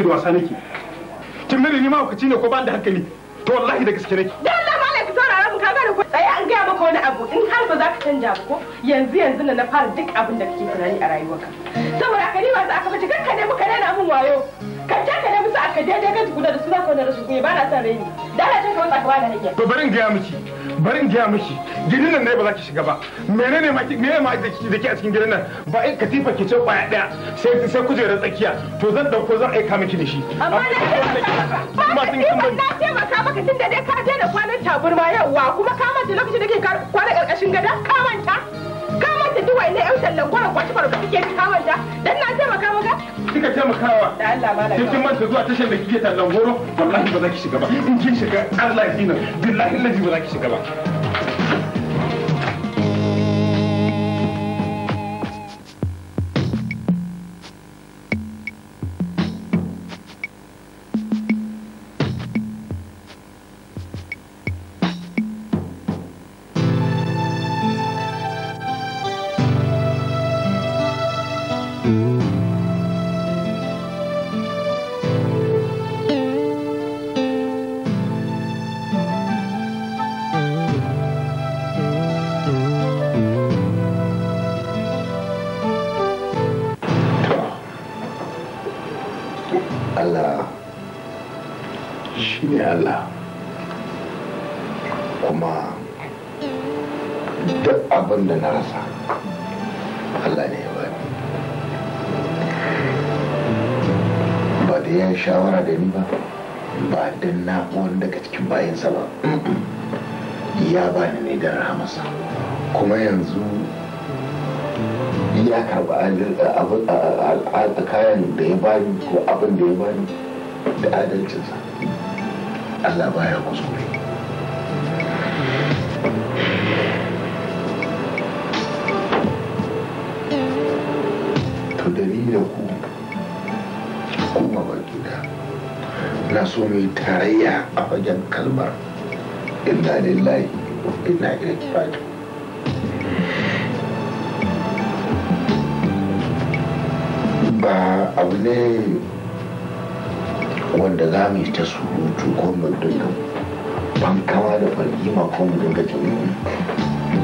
nake da wasa nake kin mene ni ma ku ne ko ban da hankali to wallahi da gaske nake dan Allah malai ku saurara mu ka da ko sai an gaya maka wani abu in har ba za ka canja ba ko yanzu yanzu na fara duk abin da kake tunani a rayuwarka saboda ka ni ba za ka bace kanka ne muka rena mun wayo ka taka ne musu aka daidai ka tukuna da su zaka wani rashin kuyi ba na son raini da dan ta ka wata ka ba da hakiya to barin gaya miki barin gaya miki ginin nan ne ba za ki shiga ba menene ma me ma da ke a cikin gidan nan ba in katifa ke ce kwaya daya sai sai kujerar tsakiya to zan dauko zan aika miki da shi amma na ce ce maka maka tunda dai ka daina kwanan ma yawa kuma ka manta lokacin da ke kwana karkashin gada ka manta ka manta duwa ne yan tallan gwaran kwaci farko kike ka manta dan na ce maka maka kika ce maka wa da Allah malaka kin manta zuwa tashin da kike tallan goro wallahi ba za ki shiga ba in kin shiga Allah ya dina billahi lazi ba za ki shiga ba Allah kuma duk abin da na rasa Allah ne ya bani ba da ya shawara da ni ba ba da na daga cikin bayansa ba ya bani ne don rahamarsa kuma yanzu ya karba kayan da ya bani ko abin da ya bani da adalcinsa Allah baya kuskure to da ni da ku kuma baki da na so mai tarayya a fagen kalmar inna lillahi wa inna ilaihi raji'un ba abu ne wanda za mu yi ta surutu ko mu dinga kama da fargima ko mu dinga jami'in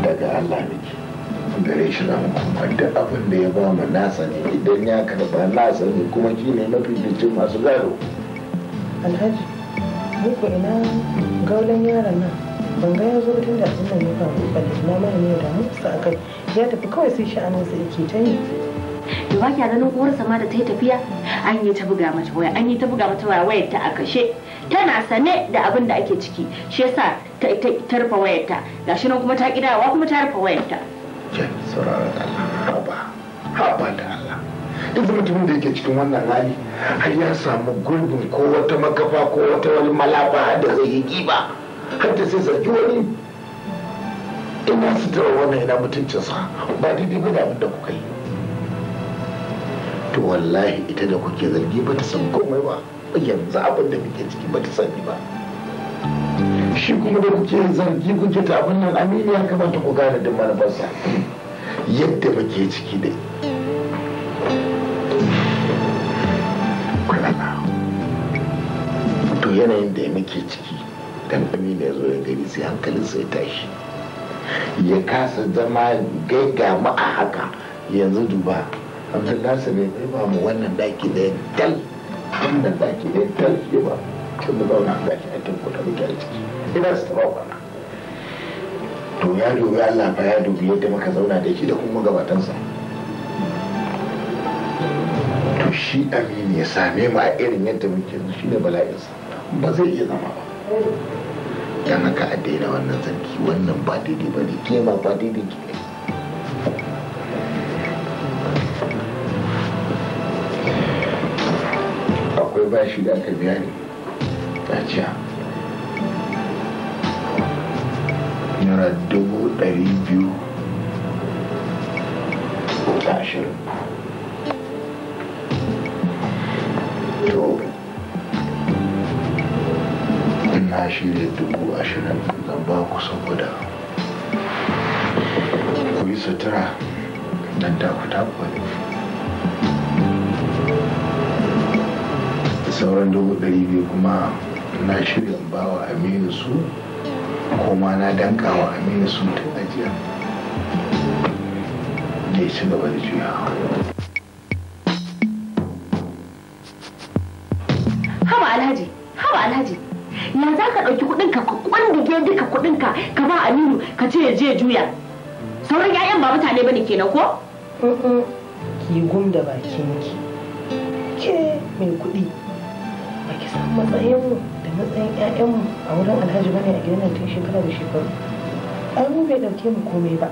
daga Allah ne gare shi na kuma duk abin da ya ba mu nasa ne idan ya karba nasa ne kuma shi ne mafi dace masu gado alhaji muku ina gaulan yaron nan ban ga ya zo tun da azumar ne ba ba balle ne da mu sa aka ya tafi kawai sai sha'anin sa yake ta yi to baki a ganin uwarsa ma da ta yi tafiya an yi ta buga mata waya an yi ta buga mata waya wayar ta a kashe tana sane da abin da ake ciki shi yasa ta ta ta rufe wayar ta gashi nan kuma ta wa kuma ta rufe wayar ta saurara da Allah haba haba da Allah duk mutumin da yake cikin wannan hali har ya samu gurbin ko wata makafa ko wata wani malaba da zai yi kiba har ta sai zargi wani ina sutura wannan ina mutuncinsa ba daidai ba da abin da kuka yi to wallahi ita da kuke zargi ba ta san komai ba yanzu abin da muke ciki ba ta sani ba shi kuma da kuke zargi kuke ta abin nan aminu ya kamata ku gane duk manufarsa yadda muke ciki dai to yanayin da ya muke ciki dan aminu ya zo ya gari sai hankalinsa sai tashi ya kasa zama gaiga mu a haka yanzu duba hamsin bai bai ba mu wannan daki da dal wannan daki da dal ke ba tun da ba wannan daki a tun kuta muke a ciki ina su taɓa ba to ya dubi Allah ba ya dubi yadda muka zauna da shi da kuma gabatansa to shi amini ya same mu a irin yadda muke shi da bala'insa ba zai iya zama ba yan haka a daina wannan zanki wannan ba daidai ba ne ke ma ba daidai ke akwai bashi da aka biya ne dajiya naira dubu ɗari biyu da ashirin to na shirya dubu ashirin zan ba ku saboda ku yi sutura don taku taku ne sauran dubu ɗari biyu kuma na shirya ba wa aminu su kuma na danka wa aminu su ta ajiya ne ci gaba da juya hawa alhaji hawa alhaji ya za ka ɗauki kuɗin ka kwandage duka kuɗin ka ka ba aminu ka ce ya je juya sauran 'ya'yan ba mutane ba bane kenan ko? ki gum da bakinki ke mai kuɗi matsayinmu da matsayin 'ya'yanmu a wurin alhaji bane a gidan tun shekara da shekaru an mu bai dauke mu komai ba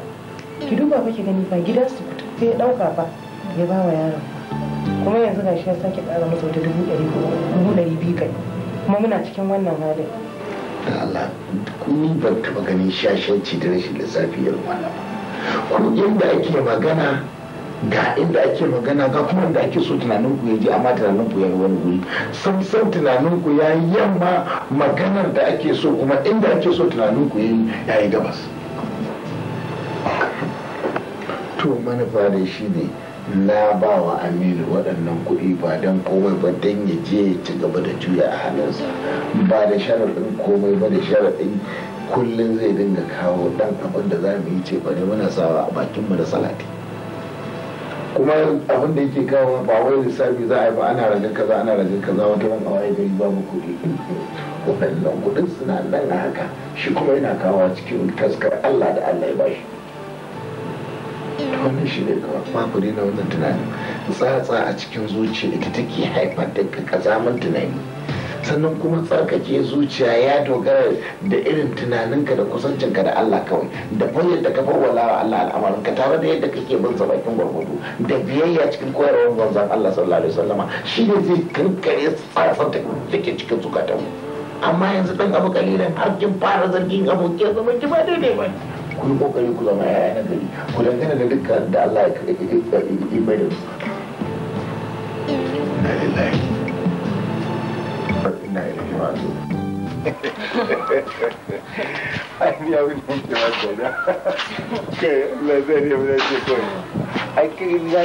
ki duba ba ki gani ba gidan su fito ya dauka ba ya ba wa yaron kuma yanzu ga shi ya sake tsara masa wata dubu ɗari dubu ɗari biyu kai kuma muna cikin wannan halin da Allah ni ban taɓa ganin shashanci da rashin lissafi irin wannan ko inda ake magana ga inda ake magana ga kuma inda ake so tunanin ku ya je amma tunanin ku ya yi wani guri san tunanin ku ya yi yamma maganar da ake so kuma inda ake so tunanin ku ya yi gabas to manufa da shi ne na ba wa aminu waɗannan kuɗi ba don komai ba don ya je ya ci gaba da juya a halinsa ba da sharaɗin komai ba da sharaɗin kullum zai dinga kawo ɗan abin da za mu yi ce ba da muna sawa a bakinmu da salati kuma abin da yake kawo ba wai lissafi za a yi ba ana rajin kaza ana rajin kaza wata wani kawai gari babu kuɗi waɗannan kuɗin suna nan haka shi kuma yana kawo a cikin taskar Allah da Allah ya bashi ta wannan shi ne kawai ba ne na wannan tunanin tsatsa a cikin zuciya ita take haifar da kaza mun tunani sannan kuma tsarkake zuciya ya dogara da irin tunaninka da kusancinka da Allah kawai da fayyar da ka fawwala wa Allah ka tare da yadda kake bin sa bakin gwargwado da biyayya cikin koyarwar manzon Allah sallallahu alaihi wasallama shi ne zai kankare tsafin da ke cikin zukatan amma yanzu dan abu kalilan har kin fara zargin abokin zama ki ba daidai ba ku yi kokari ku zama yaya na gari ku dangana da dukkan da Allah ya kai mai da su. tabbas ina da wato ai ni abin da yake wato da kai Allah zai ne mu ce kai ni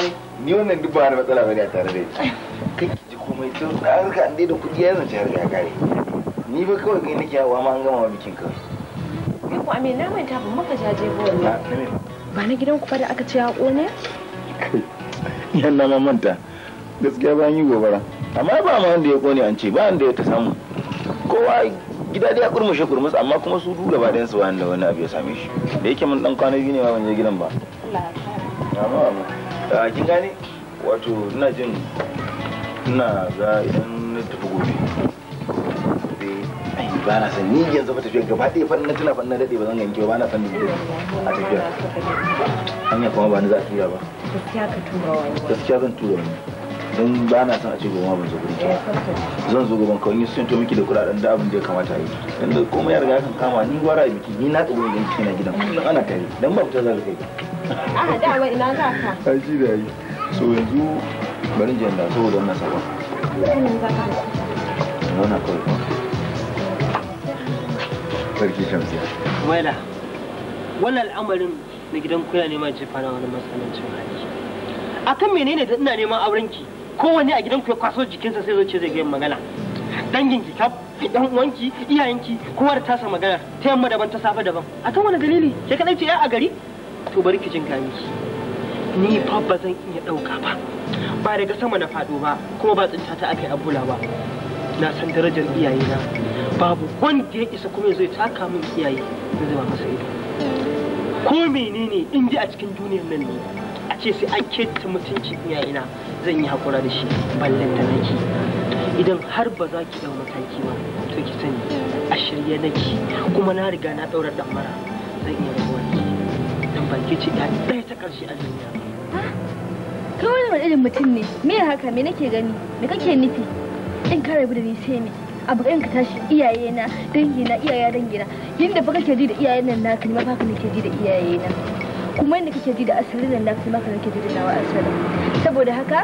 ni wannan duk ba wani a tare da kai ki ji komai kudi ni ba kawai kai nake ma an bikin kawai ni ko ame na manta ban maka jaje ba wallahi ba na gidan ku fa da aka ce ya kone kai yan manta gaskiya bayan yi gobara amma ba ma wanda ya kone an ce ba wanda ya ta samu kowa gida da ya kurmushe kurmus amma kuma su duk gaba ɗayan su wanda wani abu ya same shi da yake mun dan kwana biyu ne ba ban je gidan ba amma ah, kin gane wato ina jin ina ga idan na tafi gobe eh, ba na san ni yanzu ba tafiya gaba ɗaya fannin tana fannin daɗe ba zan yanke ba na san ni a tafiya. hanya kuma ba ni za a tura ba gaskiya ka tura wani gaskiya zan tura wani don ba na son a ce goma ban zo gurin ki zan zo gaban kawai sun to miki da kuɗaɗen da abin da ya kamata yi dan da komai ya riga kan kama ni gwara a biki ni na tsoro da kike na gidan kullum ana tare dan ba fita za ka kai a da wa ina za ka ai shi da yi so yanzu bari jin da saboda wannan sabon na kawai sarki shamsiya waila wannan al'amarin na gidan kuna nema jefa na wani matsalancin hali kan menene da ina neman aurenki kowanne a gidanku ya kwaso jikinsa sai zo ce zai ga magana dangin ki kaf dan uwanki iyayenki kowa da tasa magana ta yamma daban ta safa daban akan wani dalili ke kadai ce a gari to bari ki jin ga ni fa ba zan iya dauka ba ba daga sama na fado ba kuma ba tsinta ta akai abula ba na san darajar iyaye na babu wanda ya isa kuma zai taka min iyaye zai ba masa ido ko menene in a cikin duniyar nan ne ce sai an keta mutunci iyayena zan yi hakura da shi ballan da nake idan har ba za ki dau mataki ba to ki sani a shirye nake kuma na riga na daura dan mara zan yi rabuwa ki dan ba ki ci ɗaya ta karshe a duniya ah, kai wani wani irin mutum ne me haka me nake gani me kake nufi in ka rabu da ni sai me abu ka tashi iyayena dangina iyaya dangina yadda baka kake ji da iyayen nan naka ne ma ba ka nake ji da iyayena kuma da kake ji da asirin nan nafi maka nake ji da nawa asirin saboda haka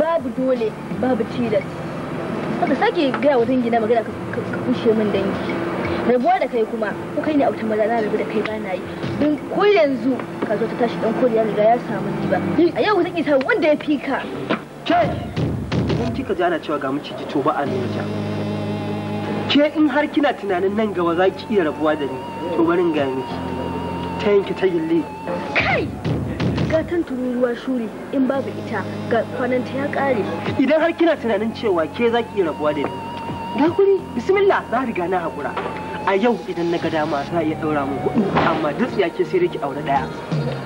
babu dole babu tilas haka sake gaya wa dangi na magana ka kushe min dangi rabuwa da kai kuma ko kai ne a maza na rabu da kai ba yi don ko yanzu ka zo ta tashi dan koriya riga ya samu ba a yau zan isa wanda ya fi ka ke mun kika ji ana cewa ga miciji to ba a nuna ke in har kina tunanin nan gaba za ki iya rabuwa da ni to barin ga miki ta ta gille kai gatan tururuwa shuri in babu ita ga kwananta ya kare idan har kina tunanin cewa ke za ki rabuwa da ni Ga kuri bismillah za riga na hakura. a yau idan na ga dama za iya ɗaura mu hudu amma duk ya ke sai ki aure ɗaya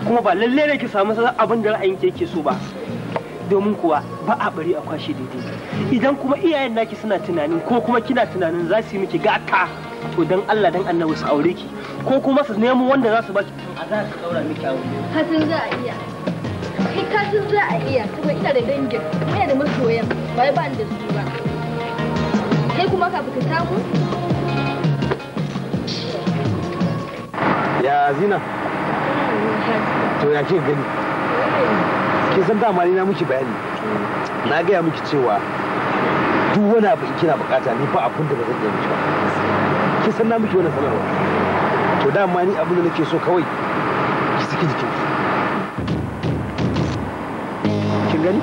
kuma ba lalle ne ki samu abin da ra'ayin ke ke so ba domin kuwa ba a bari a kwashe daidai idan kuma iyayen naki suna tunanin ko kuma kina tunanin za su yi miki gata to dan Allah dan annabi su aure ki ko kuma su nemo wanda za su baki a za su daura miki aure kasin za a iya kai kasin za a iya saboda ina da dangin ina da masoyan ba ba da su ba kai kuma ka fita samu ya zina to ya ke gani ki san dama ni na miki bayani na gaya miki cewa duk wani abu in kina bukata ni fa abin da ba zan iya miki ba kin san na miki wannan sanarwa to dama ni abin da nake so kawai ki saki jikin kin gani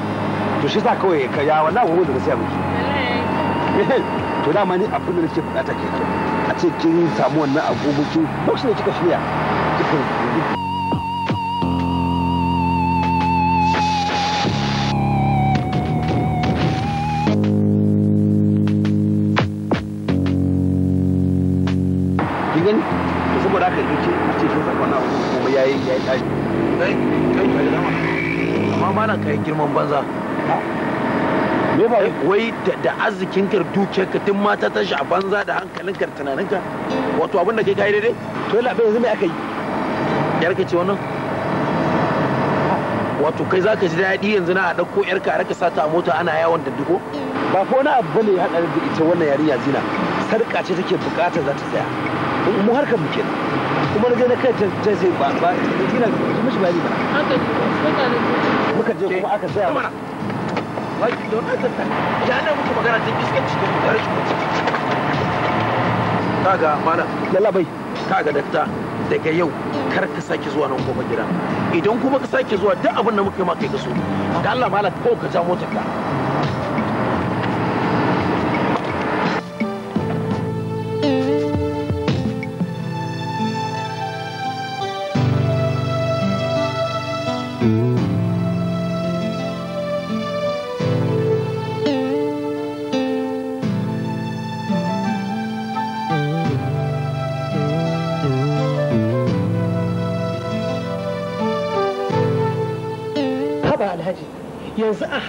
to shi sa kawai ka ya wannan gogo da sai siya miki to dama ni abin da nake bukata ke a ce kin samu wannan agogokin lokacin da kika shirya kika yi. aka yi ce ce shi ta abu kuma ya yi tashi kai kai kai da dama amma na kai girman banza me ba wai da arzikin ka duke ka tun mata ta shi a banza da hankalin ka tunanin ka wato abin da kai kai daidai to yana bai yanzu me aka yi yar ka ce wannan wato kai zaka ji daɗi yanzu na a ɗauko yar ka a raka sata a mota ana yawon daddiko ba ko wani abu bane ya haɗa da ita wannan yarinya zina sarƙa ce take bukatar za ta tsaya mu harkar muke kuma na je na kai jaze ba ba gina ina mishi bayani ba muka je kuma aka tsaya ba waki don haka ta ya ne muku magana ta iskanci da mutare ku kaga malam yalla bai kaga dakta daga yau kar ka sake zuwa nan kuma gida idan kuma ka sake zuwa duk abin da muka yi ma kai ka so da Allah malam ko ka ja motar ka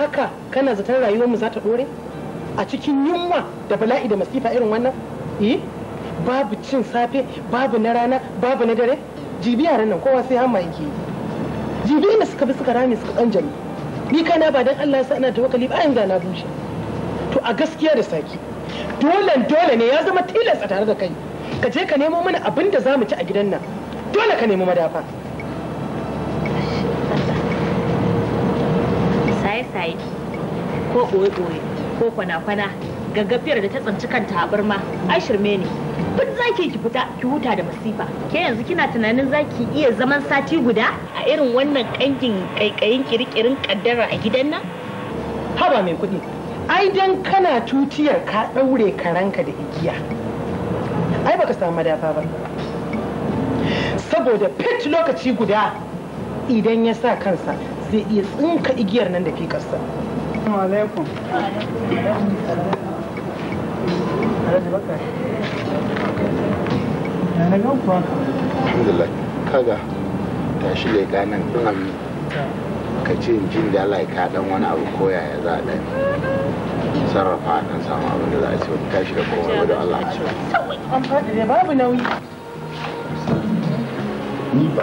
haka kana zaton rayuwar mu za ta dore a cikin yunwa da bala'i da masifa irin wannan eh babu cin safe babu na rana babu na dare jibi yaran kowa sai hama yake jibi ne suka bi suka rame suka kanjami ni kana ba dan Allah sa ana tawakkali ba yanzu na bushe to a gaskiya da saki dole dole ne ya zama tilasta tare da kai ka je ka nemo mana abin da za mu ci a gidan nan dole ka nemo madafa saye ko ɓoye-ɓoye ko kwana-kwana gaggafiyar da ta tsanci kanta a birma shirme ne duk zaki ki fita ki huta da masifa ke yanzu kina tunanin zaki iya zaman sati guda a irin wannan kangin kaikayin kirkirin kaddara a gidan nan haba mai kuɗi ai dan kana tutiyar ka ɗaure karanka da igiya ai baka samu madafa ba saboda fit lokaci guda idan ya sa kansa zai iya tsinka igiyar nan da ke kasta alhamdulillah kaga ta shirya ganin ɗin ka ce jin da Allah ka wani abu ko yaya za a dan sarrafa dan samu abin da za a ce wani tashi da komai wadda Allah an ni ba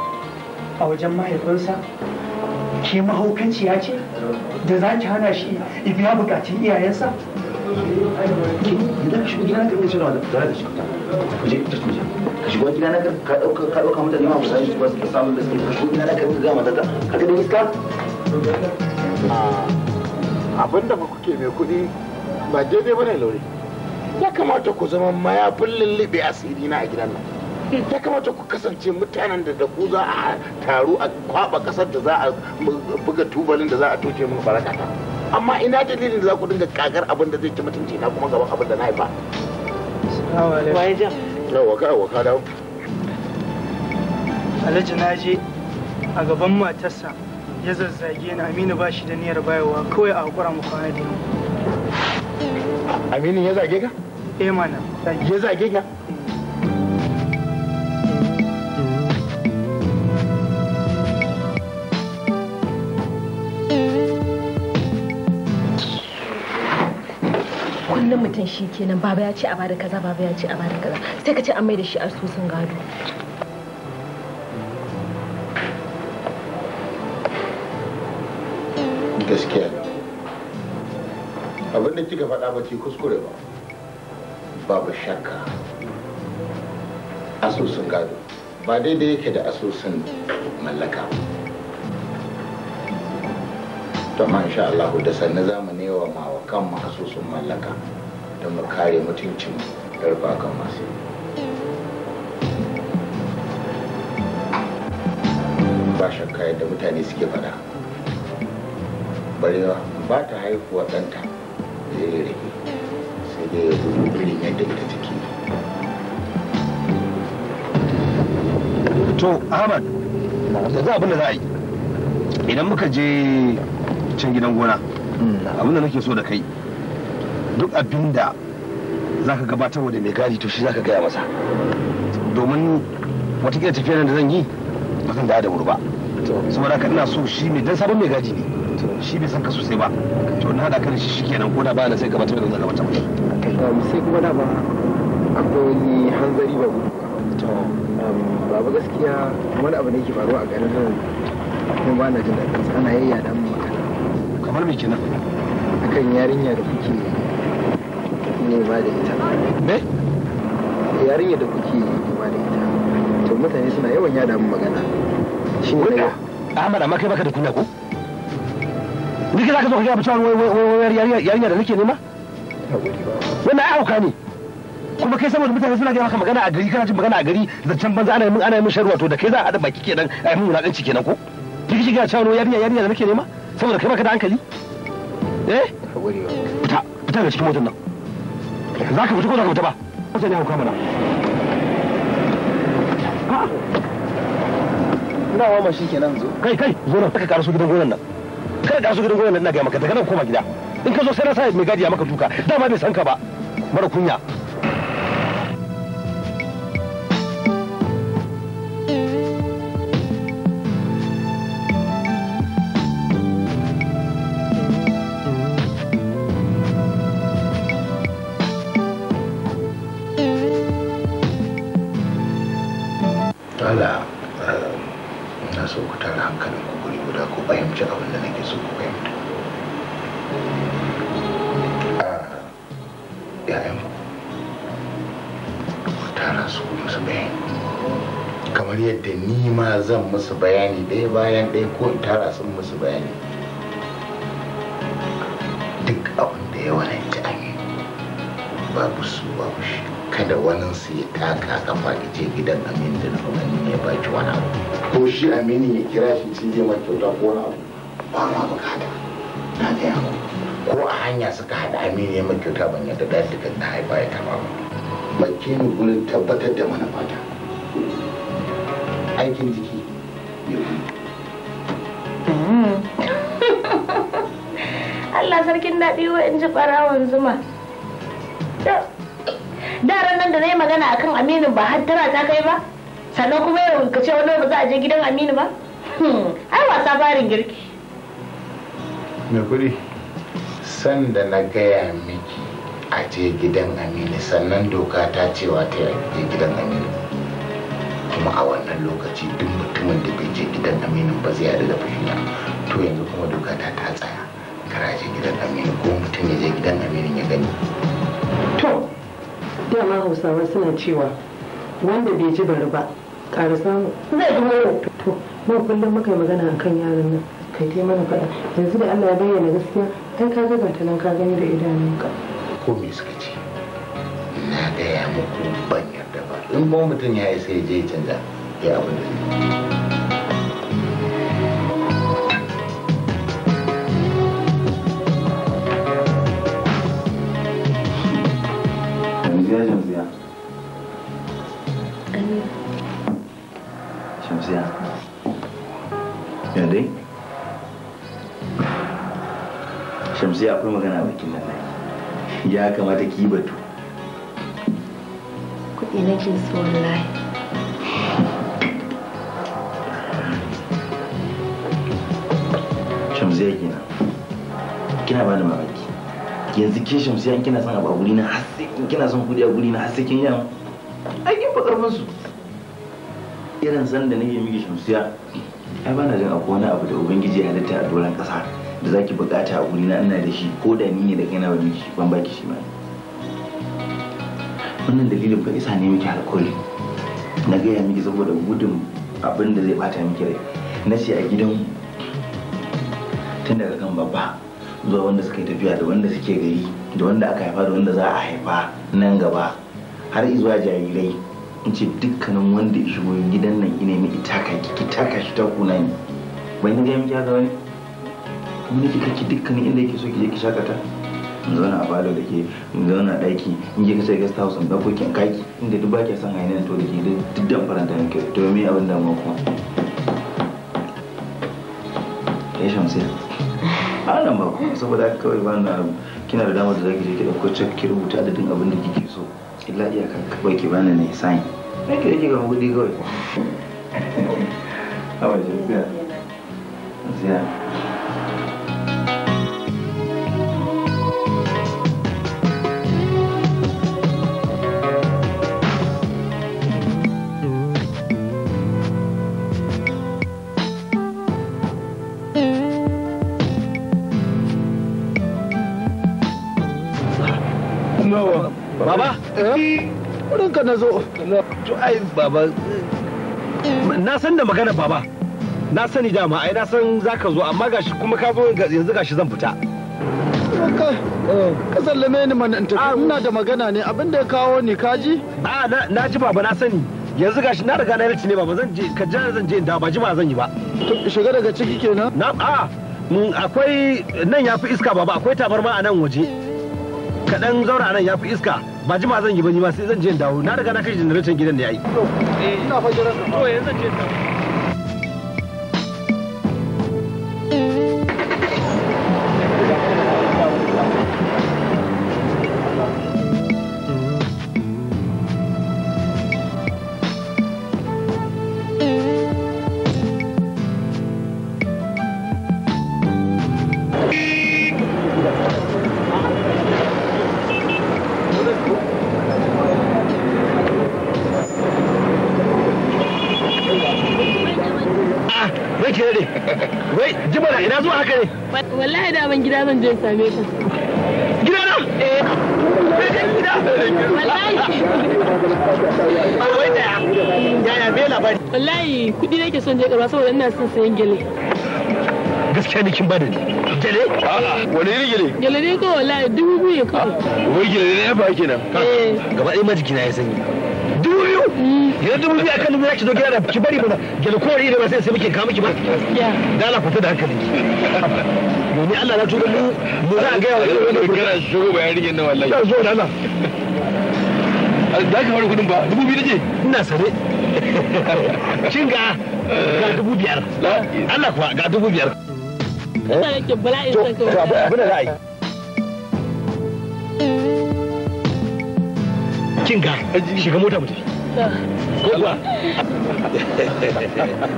a wajen mahaifinsa ke mahaukaciya ce da za ki hana shi ya bukaci iyayensa idan ka shigo ka iya ba ba su abinda ba kuke mai kuɗi ba daidai ne lauri. ya kamata ku zama mayafin lullube asiri na a gidan nan ya kamata ku kasance mutanen da da ku za a taru a kwaba kasar da za a buga tubalin da za a toke min baraka amma ina dalilin da za ku dinga kagar abin da zai ci mutunci na kuma gaban abin da na haifa alhaji na je a gaban matarsa ya zazzage ni aminu ba shi da niyyar bayarwa kawai a hakura mu kwana da aminu ya zage ka eh mana ya zage ka kullum mutum shi kenan baba ya ce a bada kaza baba ya ce a bada kaza sai ka ce an mai da shi asusun gado gaskiya abin da kika faɗa ba ce kuskure ba babu shakka asusun gado ba daidai yake da asusun mallaka to ma insha Allah da sannu zamu ne wa mawakan asusun mallaka don mu kare mutuncin darba masu masu ba shakka yadda mutane suke fada barewa ba ta haihuwa ɗanta da ya rage sai dai ya zuru irin yadda ita take to ahmad yanzu abin da za a yi idan muka je can gidan gona hmm. abin da nake so da kai duk abin da za ka gabatar da mai gadi to shi za ka gaya masa domin watakila tafiyar da zan yi ba zan da wuri ba saboda ka ina so shi ne dan sabon mai gadi ne shi bai san ka sosai ba to na haɗa kan shi shikenan ko da ba na sai gabatar da zan gabatar masa um, sai kuma da ba akwai hanzari ba gudu ba um, ba gaskiya wani abu ne ke faruwa a garin nan kuma ba na jin daɗin ana yayya da mu kamar me kenan akan yarinya da kuke nema da ita me yarinya da kuke nema da ita to mutane suna yawan yada mu magana shi ne ga Ahmad amma kai baka da kunya ko ni ka zaka zo ka ga bacin wai wai yarinya da nake nema wannan ai auka ne kuma kai saboda mutane suna gaya maka magana a gari kana jin magana a gari zancen banza ana mun ana min sharuwa to da kai za a hada baki kenan ai mun wulakanci kenan ko kike shiga cewa yarinya yarinya da nake nema saboda kai baka da hankali eh fita fita ga cikin motar nan za ka fita ko za fita ba wace ne hauka mana ina wa mashi kenan zo kai kai zo nan ka karasu gidan gonan nan kada ka su gidan gonan nan ina ga maka daga nan koma gida in ka zo sai na sa mai gadi ya maka duka dama bai san ka ba mara kunya ɗaya ko in tara sun musu bayani duk abin da ya wani ta babu su babu shi kada wani su ya taka kafa ce gidan amin da wani ya ki wani abu ko shi amini ya kira shi ci je ma kyauta ko wani abu ba ma bukata na gaya ko a hanya suka haɗa amini ya makyauta ban yadda da duka na haifa ya kama ba bakin gurin tabbatar da mana fata aikin jiki sarkin daɗi wa in ji ɓarawan zuma. Daren nan da na yi magana a kan Aminu ba har tara ta kai ba? Sannan kuma yau ka ce wani ba za a je gidan Aminu ba? Hmm, ai wasa barin girki. Me kuri, san da na gaya miki a je gidan Aminu sannan doka ta cewa ta je gidan Aminu. Kuma a wannan lokaci duk mutumin da bai je gidan Aminu ba zai haɗu da fushina. To yanzu kuma doka ta ta tsaya. kara je gidan aminu ko mutum ya je gidan aminu ya gani to dama hausawa suna cewa wanda bai ji bari ba ƙara samu zai ji wani to mu kullum muka yi magana akan yaran nan kai dai mana faɗa yanzu da Allah ya bayyana gaskiya kai ka ga ta nan ka gani da idanunka ko me suka ce na gaya muku ban yarda ba in ba mutum ya yi sai ya je canza ya abu da Ramziya. Yadda? Shamsiya akwai magana bakin nan ya kamata ki batu. Kuɗi nake so wallahi. Shamsiya kenan. Kina bani mamaki. Yanzu ke Shamsiya kina son abu a guri na har kina son kuɗi a guri na har sai kin yi Ai kin fa karfin irin sanda da nake miki shamsiya ai bana jin akwai wani abu da ubangiji ya halitta a doron kasa da zaki bukata a guri na ina da shi ko da ni ne da kaina ba shi ban baki shi ma. wannan dalilin ba isa ne miki alkoli na gaya miki saboda gudun abin da zai bata miki rai na ce a gidan tun daga kan babba zuwa wanda suka yi tafiya da wanda suke gari da wanda aka haifa da wanda za a haifa nan gaba har izuwa jarirai in ce dukkanin wanda ya shigo gidan nan ina mai itaka ki taka shi ta kuna ne bai na gami kyaga wani kuma nake kake dukkanin inda yake so ki je ki shakata in zauna a balo da ke in zauna ɗaki in je kasar guest house in ɗauko ki kaki inda duk ba ki son hainin to da ke duk dan faranta ne to me abin da kuma ya shamsiya a nan ba kuma saboda kawai ba na kina da damar da za ki je ki ɗauko cek ki rubuta adadin abin da kike illa iyaka kawai ki bani ne sai kai ki gama kudi kawai a wajen wurin ka na zo ai baba na san da magana baba na sani dama ai na san za ka zo amma gashi kuma ka zo yanzu gashi zan fita ka sallame ni mana in tafi ina da magana ne Abinda ya kawo ni kaji a na ji baba na sani yanzu gashi na riga na yarci ne baba zan je ka jana zan je in da ba jima zan yi ba shiga daga ciki kenan na a akwai nan ya fi iska baba akwai tabarma a nan waje kaɗan zaura nan ya fi iska ba ji zan yi ba ni ma sai zan je dawo na riga na kai janareton gidan da eh, fa jira To yanzu je dawo. zan same gidana eh. wallahi kuɗi nake son je karba saboda ina son sayan gele gaskiya ne kin bada gele wani irin gele gele ne ko wallahi dubu biyu ne kawai wai gele ne ya fa kenan eh. gaba ɗaya majikina ya sanyi dubu biyu mm. yanzu dubu biyu akan dubu zaki zo gida da ki bari mana gele ko wani irin ba sai sai muke kawo miki ba dala fita da hankali domin Allah na tura mu mu za a gaya wa irin wannan kana shigo da Allah za ka fara ba dubu biyu nake ina sare shin ga ga dubu biyar Allah kuwa ga dubu biyar abin da za a yi kin ga shiga mota mu kuka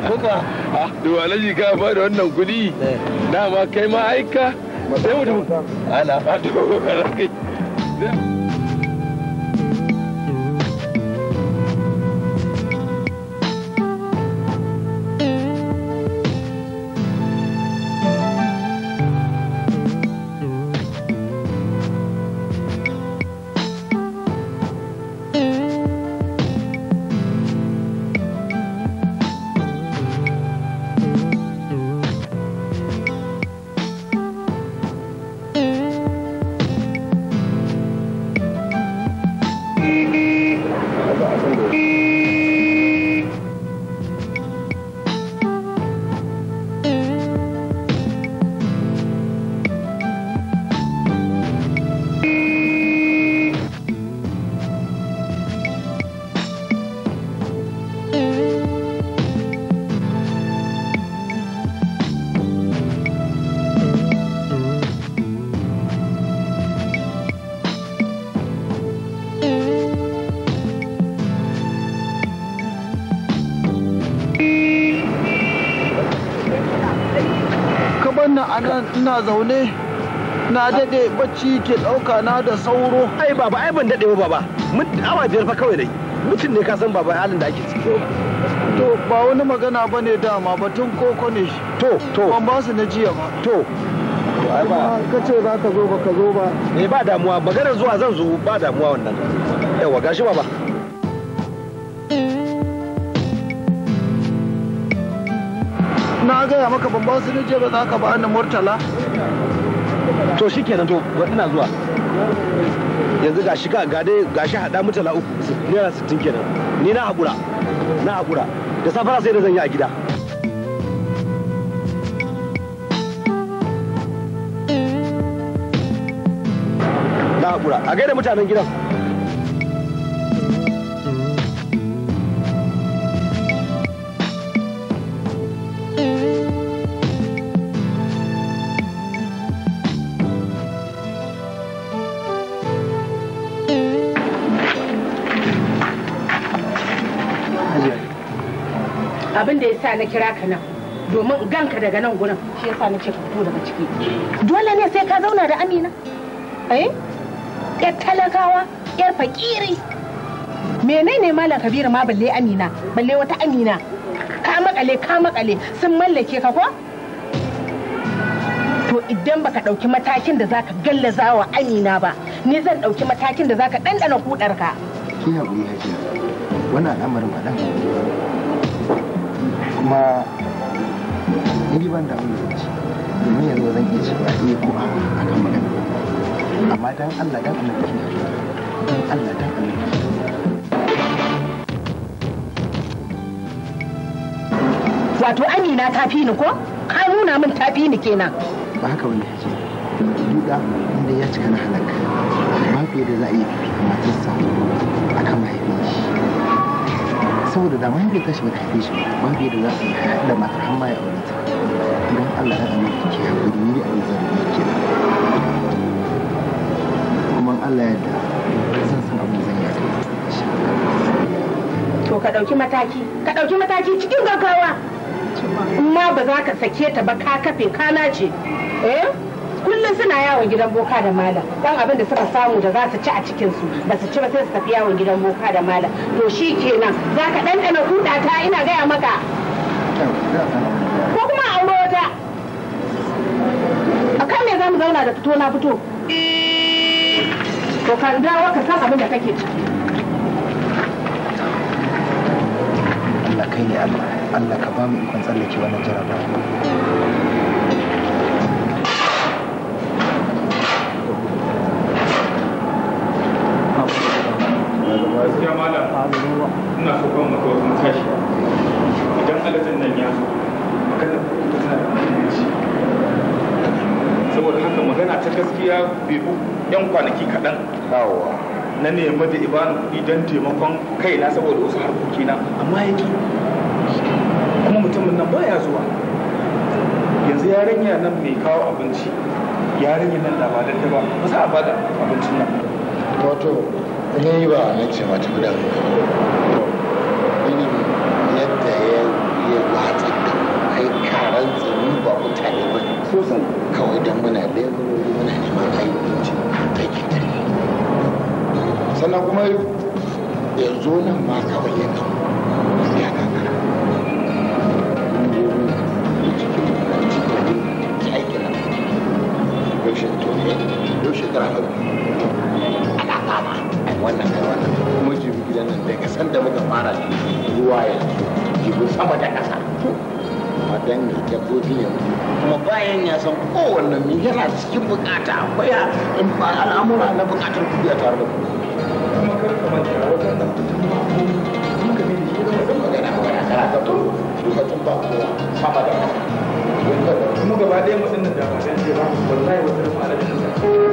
kuka duwa na jika ba da wannan kudi eh. dama kai ma aika sai mutum ana ina zaune na dade bacci ke dauka na da sauro ai baba ai ban dade ba baba awa biyar fa kawai dai mutum ne ka san baba halin da ake ciki to ba wani magana ba ne dama batun koko ne shi to to ban ba su na jiya ba to ka ce za ka zo ba ka zo ba ne eh, ba damuwa maganar zuwa zan zo ba damuwa wannan yawa gashi baba na gaya maka ban ba su na jiya ba za ka ba ni murtala to shi kenan to ina zuwa yanzu ga shi ga dai ga shi hada mutala uku naira sittin kenan ni na hakura na hakura da safara sai da zan yi a gida na hakura a gaida mutanen gidan abin da ya sa na kira ka nan domin ganka daga nan gurin shi ya sa na ce ka fito daga ciki dole ne sai ka zauna da Amina eh yar talakawa yar fakiri menene malam Kabiru ma balle Amina balle wata Amina ka makale ka makale sun mallake ka ko to idan baka dauki matakin da zaka gallaza wa Amina ba ni zan dauki matakin da zaka dandana kudar ka ki hakuri hajiya wannan al'amarin ba dan kuma ni ban da wani zance domin yanzu zan iya cewa ni eh ko a akan magana amma dan Allah dan Allah dan Allah dan Allah wato amina ta fi ni ko ka nuna min ta fi ni kenan ba haka wani ya ce duka inda ya cika na halak ba fiye da za a yi fifi matarsa a kan mahaifin shi saboda da mahaifiyar tashi bata haife shi ba babu yadda za su yi haɗa da matar hamma ya aure ta idan Allah ya amince ki ya gudu ni a yanzu da yake kuma Allah ya yarda zan san abin zan yi to ka ɗauki mataki ka ɗauki mataki cikin gaggawa amma ba za ka sake ta ba ka kafe ka nace eh in suna yawon gidan boka da malam don abin da suka samu da za su ci a cikin su ba su ci ba sai su tafi yawon gidan boka da malam to shi kenan za ka ɗanɗana kuɗa ta ina gaya maka ko kuma auro wata a kan me za mu zauna da fito na fito to ka dawo ka san abin da kake ciki Allah kai ne Allah Allah ka ba mu ikon tsallake wannan jarabawa gaskiya malam ina so kan maka wasu tashi idan alatin nan ya zo magana ta tana da muhimmanci saboda haka magana ta gaskiya bai bu yan kwanaki kaɗan na nema da ibanin kuɗi don taimakon kaina saboda wasu na amma yake kuma mutumin nan baya zuwa yanzu yarinya nan mai kawo abinci yarinya nan da ba da ta ba ba a bada abincin nan wato ni ba na ce mata guda irin yadda ya ya watsa da ai karan tsini ba mutane ba kawai dan muna leburori muna neman aiki aikin karfi sannan kuma zo nan ma kawai ya kama ya kakara yaushe to ne yaushe kara hau ana kama wannan da wannan kuma jibi gidan nan daga da muka fara ruwa ya jibi sama da kasa kuma dan ne ta dabbobi ne kuma bayan ya san kowanne mi yana cikin bukata akwai in ba al'amura na bukatar kudi a tare da ku kuma kar ka manta wajen nan muka bi da shi da wajen magana magana kana ka to lokacin ba kowa sama da kuma gaba ɗaya mutum da ba zai ce ba wallahi wata rufa da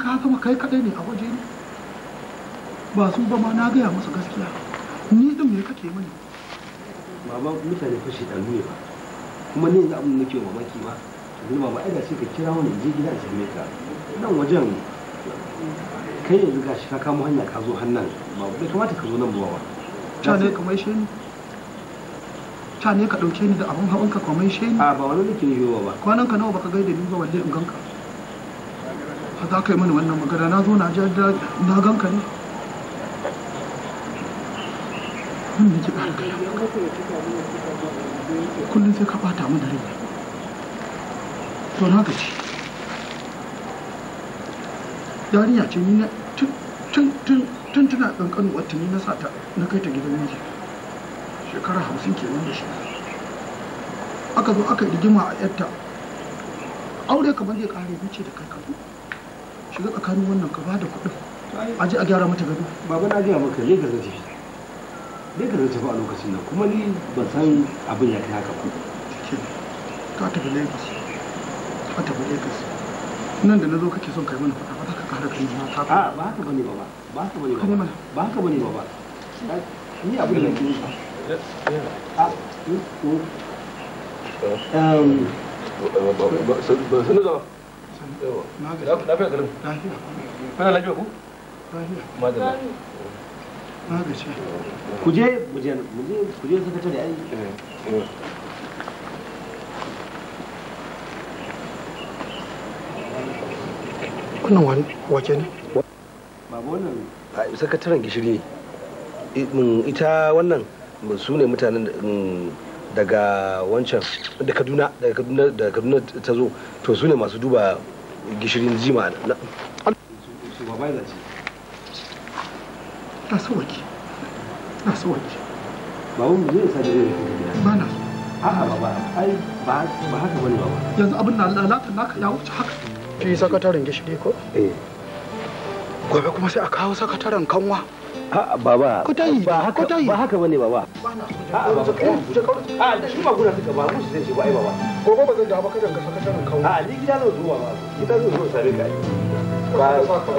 ka zama kai kadai ne a waje ne ba su ba ma na gaya musu gaskiya ni din me kake mani mama mutane fa shi danu ne ba kuma ni yanzu abin nake maki ba ni mama ai da sai ka kira wani je gida a same ka nan wajen kai yanzu gashi ka kamo hanya ka zo hannan ba bai kamata ka zo nan ba ba ne kamar shi ne ta ne ka dauke ni da abin hawan ka kamar shi ne a ba wani nake yiwa ba kwanan ka nawa baka gaida ni ba walle in ganka za ka yi mini wannan magana na zo na jadda na ganka ne mun ne ki ƙara gaya kullum sai ka ɓata mu da rai to na gaji yarinya ce ni na tun tuna tun watanni na sata na kai ta gidan miji shekara hamsin kenan da shi. aka zo aka yi rigima a yarta aure kamar zai ƙare bice da kai ka shiga tsakanin wannan ka bada kuɗin a ji a gyara mata gado baba na gaya maka ne gaza tafi zai gaza a lokacin nan kuma ni ban san abin ya kai haka ba ka tafi lagos ka tafi lagos nan da na zo kake son kai mana ba ka kara kai ma ka ba haka bane baba ba haka bane baba ba haka bane baba ni abin da yi a ba lafiya garin kuna lafiya ku madalla ku je mu je ku je eh, eh. wannan wake sakataren gishiri mm, ita wannan mm, su ne mutanen mm, daga wancan da kaduna da kaduna ta zo to su ne masu duba gishirin jima na na so wake na so wake ba wani zai sa da zai gida ba na a'a ba ba ai ba haka bane ba yanzu abin na lalata naka ya wuce haka shi sakataren gishiri ko eh gobe kuma sai a kawo sakataren kanwa A'a baba. Ku Ba haka ba haka bane baba. A'a baba. shi ba gura suka ba musu zai ba Ko ba zan ba kada ka saka kawo. ni gida zuwa ba. Gida zuwa sare ka. Ba ba ka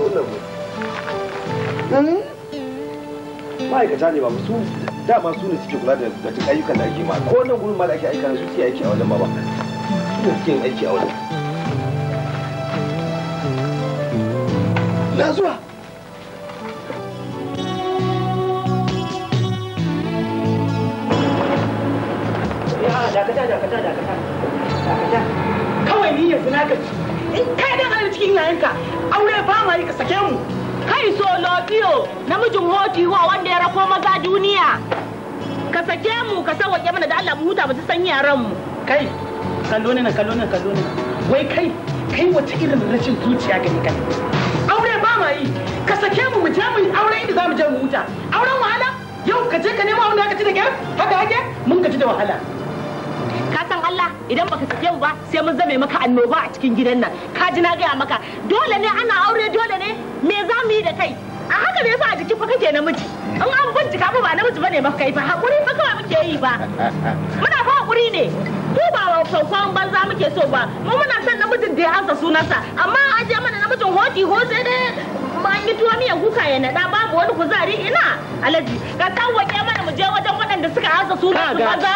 mu. ne ba su su ne suke kula da ayyukan da ake ma ko nan gurin ma da ake aika su suke aiki a wajen baba. Su ne suke aiki a wajen. Na zuwa. kawai ni zina na gaji in kai dan hana cikin yayanka aure ba ma yi ka sake mu kai so lobiyo namijin hoti wa wanda ya rako maza duniya ka sake mu ka sauwaƙe mana da Allah mu huta mu ji san yaran mu kai kallo ne na kallo ne kallo ne wai kai kai wace irin rashin zuciya gani kai aure ba ma yi ka sake mu mu je mu aure inda za mu je mu huta auren wahala yau ka je ka nemo wani ka ci da kyar haka hake mun ka ci da wahala idan baka sake mu ba sai mun zame maka annoba a cikin gidan nan ka ji na gaya maka dole ne ana aure dole ne me za mu yi da kai a haka ne fa a jikin fa kake namiji in an bincika fa ba namiji bane maka kai fa hakuri fa kawai muke yi ba muna fa hakuri ne ko ba wa kwankwan banza muke so ba mu muna son namijin da ya hansa sunansa amma a ajiye mana namijin hoti ho sai dai an yi tuwa miyan kuka ya naɗa babu wani kuzari ina alaji ka tawwake mana mu je wajen waɗanda suka hansa sunansu banza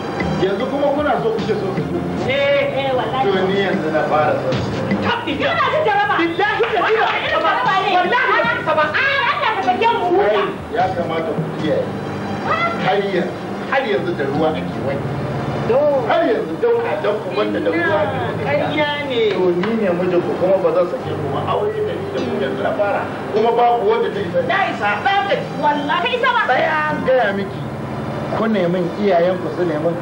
yanzu kuma kuna so kuke so ku eh eh wallahi to ni yanzu na fara so tabbi kana jin jaraba billahi da dina wallahi saba ah Allah ka bage mu huta ya kamata ku kiyaye har yanzu har yanzu da ruwa ake wani har yanzu dauka dan ku wanda da ruwa ƙarya ne to ni ne miji ku kuma ba zan sake ku ba aure da ni da ku yanzu na fara kuma babu wanda ta isa na isa ba ka wallahi kai sama bayan miki ku nemin iyayen su nemin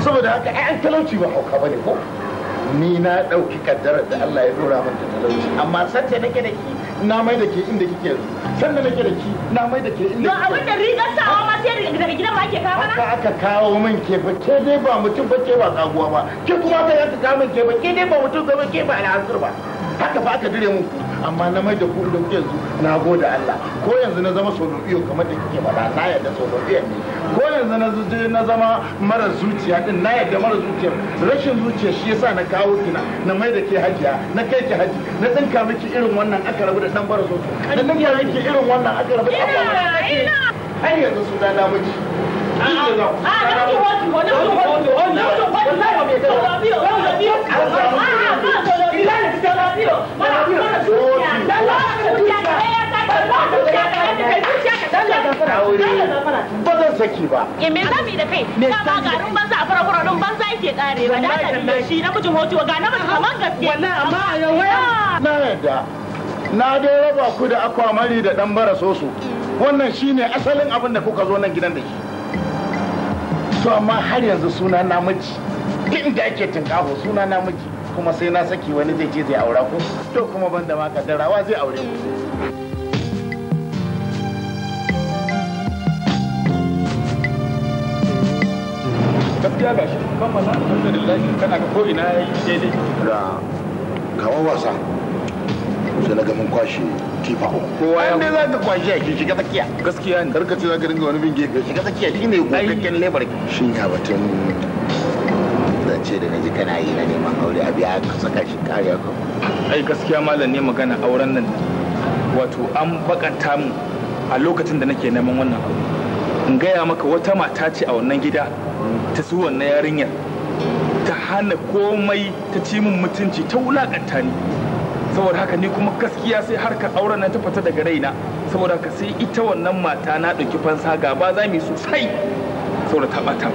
saboda haka ai an talauci ba hauka bane ko ni na ɗauki kaddarar da Allah ya dora min da talauci amma sace nake da ki na mai da ke inda kike yanzu sanda nake da ki na mai da ke inda kike abin da rigar sawa ma sai daga gidan ma ake kawo na haka aka kawo min ke ba ke dai ba mutum ba ke ba kaguwa ba ke kuma ka yanka kawo min ke ba ke dai ba mutum ba ke ba al'azur ba haka fa aka dire mun ku amma na mai da ku da kuke yanzu na gode Allah ko yanzu na zama iyo kamar da kike ba na yadda iyo ne ko yanzu na zuje na zama mara zuciya din na yadda mara zuciya rashin zuciya shi yasa na kawo kina na mai da ke hajiya na kai ki haji na tsinka miki irin wannan aka rabu da dan bara zo na miki irin wannan aka rabu da dan bara zo yanzu su dana miki Ah, that's what you want. That's what you want. That's what you want. That's what you want. ba zan saki ba. Ya me zami da kai? a ba garin banza a fara fara banza yake karewa. Da ta a shi na mijin hoto ga na mijin kamar gaske. Wannan amma a yau na yarda. Na dai raba ku da akwamari da dan bara soso. Wannan shine asalin abin da kuka zo nan gidan da shi. To amma har yanzu suna namiji. Duk da ake tinkaho suna namiji. kuma sai na saki wani zai je zai aura ku to kuma ban da maka darawa zai aure ku gaskiya gashi mana alhamdulillah kana ga ko ina yayi daidai da kawo wasa sai na ga mun kwashi kifa ko Kowa ya za ka kwashi a shi shiga tsakiya. Gaskiya ne. Karkace za ka dinga wani bin gefe shiga tsakiya shine gogaggen lebar. Shin ya batun kasance da naji kana yi na neman aure biya a saka shi kariya kan ai gaskiya malam ne magana auren nan wato an bakanta mu a lokacin da nake neman wannan aure in gaya maka wata mata ce a wannan gida ta su wannan yarinyar ta hana komai ta ci min mutunci ta wulakanta ni saboda haka ni kuma gaskiya sai harkar auren nan ta fita daga raina saboda haka sai ita wannan mata na ɗauki fansa gaba za mu yi sosai saboda ta bata.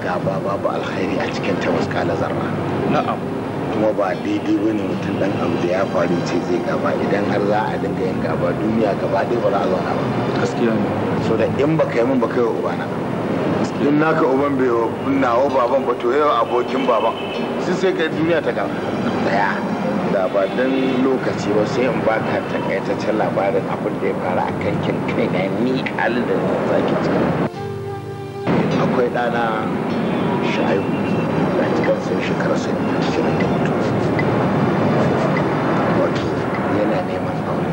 gaba babu alkhairi a cikin ta kala zarra na'am kuma ba daidai bane mutum dan abu da ya faru ce zai gaba idan har za a dinga yin gaba duniya gaba ɗaya ba za a zauna ba gaskiya ne so da in baka yi min baka yi ubana in naka uban bai wa nawa baban ba to yau abokin baban sun sai ka duniya ta gaba daya da ba dan lokaci ba sai in baka takaitaccen labarin abin da ya faru a kankin kai na ni halin da zaki cikin akwai ɗana sha'ibu na cikin sun shekara sun shirin da mutu wato yana neman aure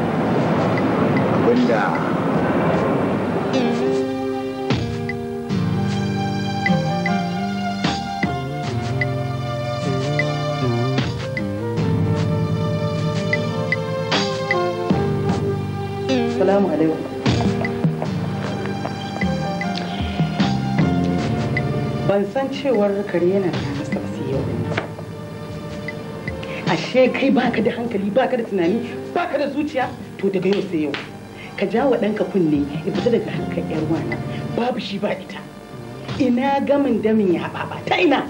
abinda Assalamu alaikum. ban san cewar kare yana da fuska ba sai yau ashe kai baka da hankali baka da tunani baka da zuciya to daga yau sai yau ka ja wa ɗanka kunne ya fita daga hankali yar wana babu shi ba ita ina gamin damin ya haɓa ta ina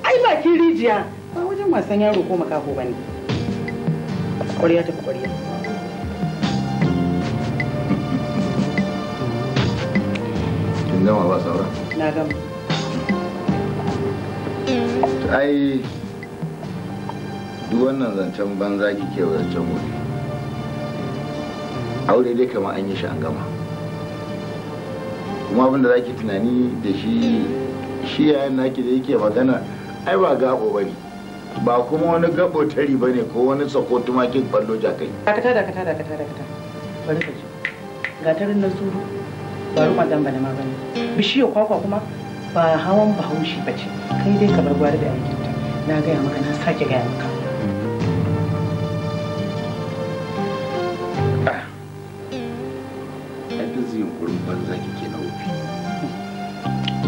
ai ba ki rijiya ba wajen wasan yaro ko makaho ba ne ƙwarya tafi ƙwarya ba saura? Na gama. ai duk wannan zancen banza kike zancen wuri aure dai kama an yi shi an gama kuma abinda za ki tunani da shi shi yayin naki da yake magana ai ba gabo ba ne ba kuma wani gabo tari ba ne ko wani sako tumakin ballo jakai dakata dakata dakata dakata bari ka ji gatarin na zuru bari madan bane ma bane bishiyar kwakwa kuma ba hawan bahaushe ba ce kai dai ka bar gwari da aikinta na gaya maka na sake gaya maka ah.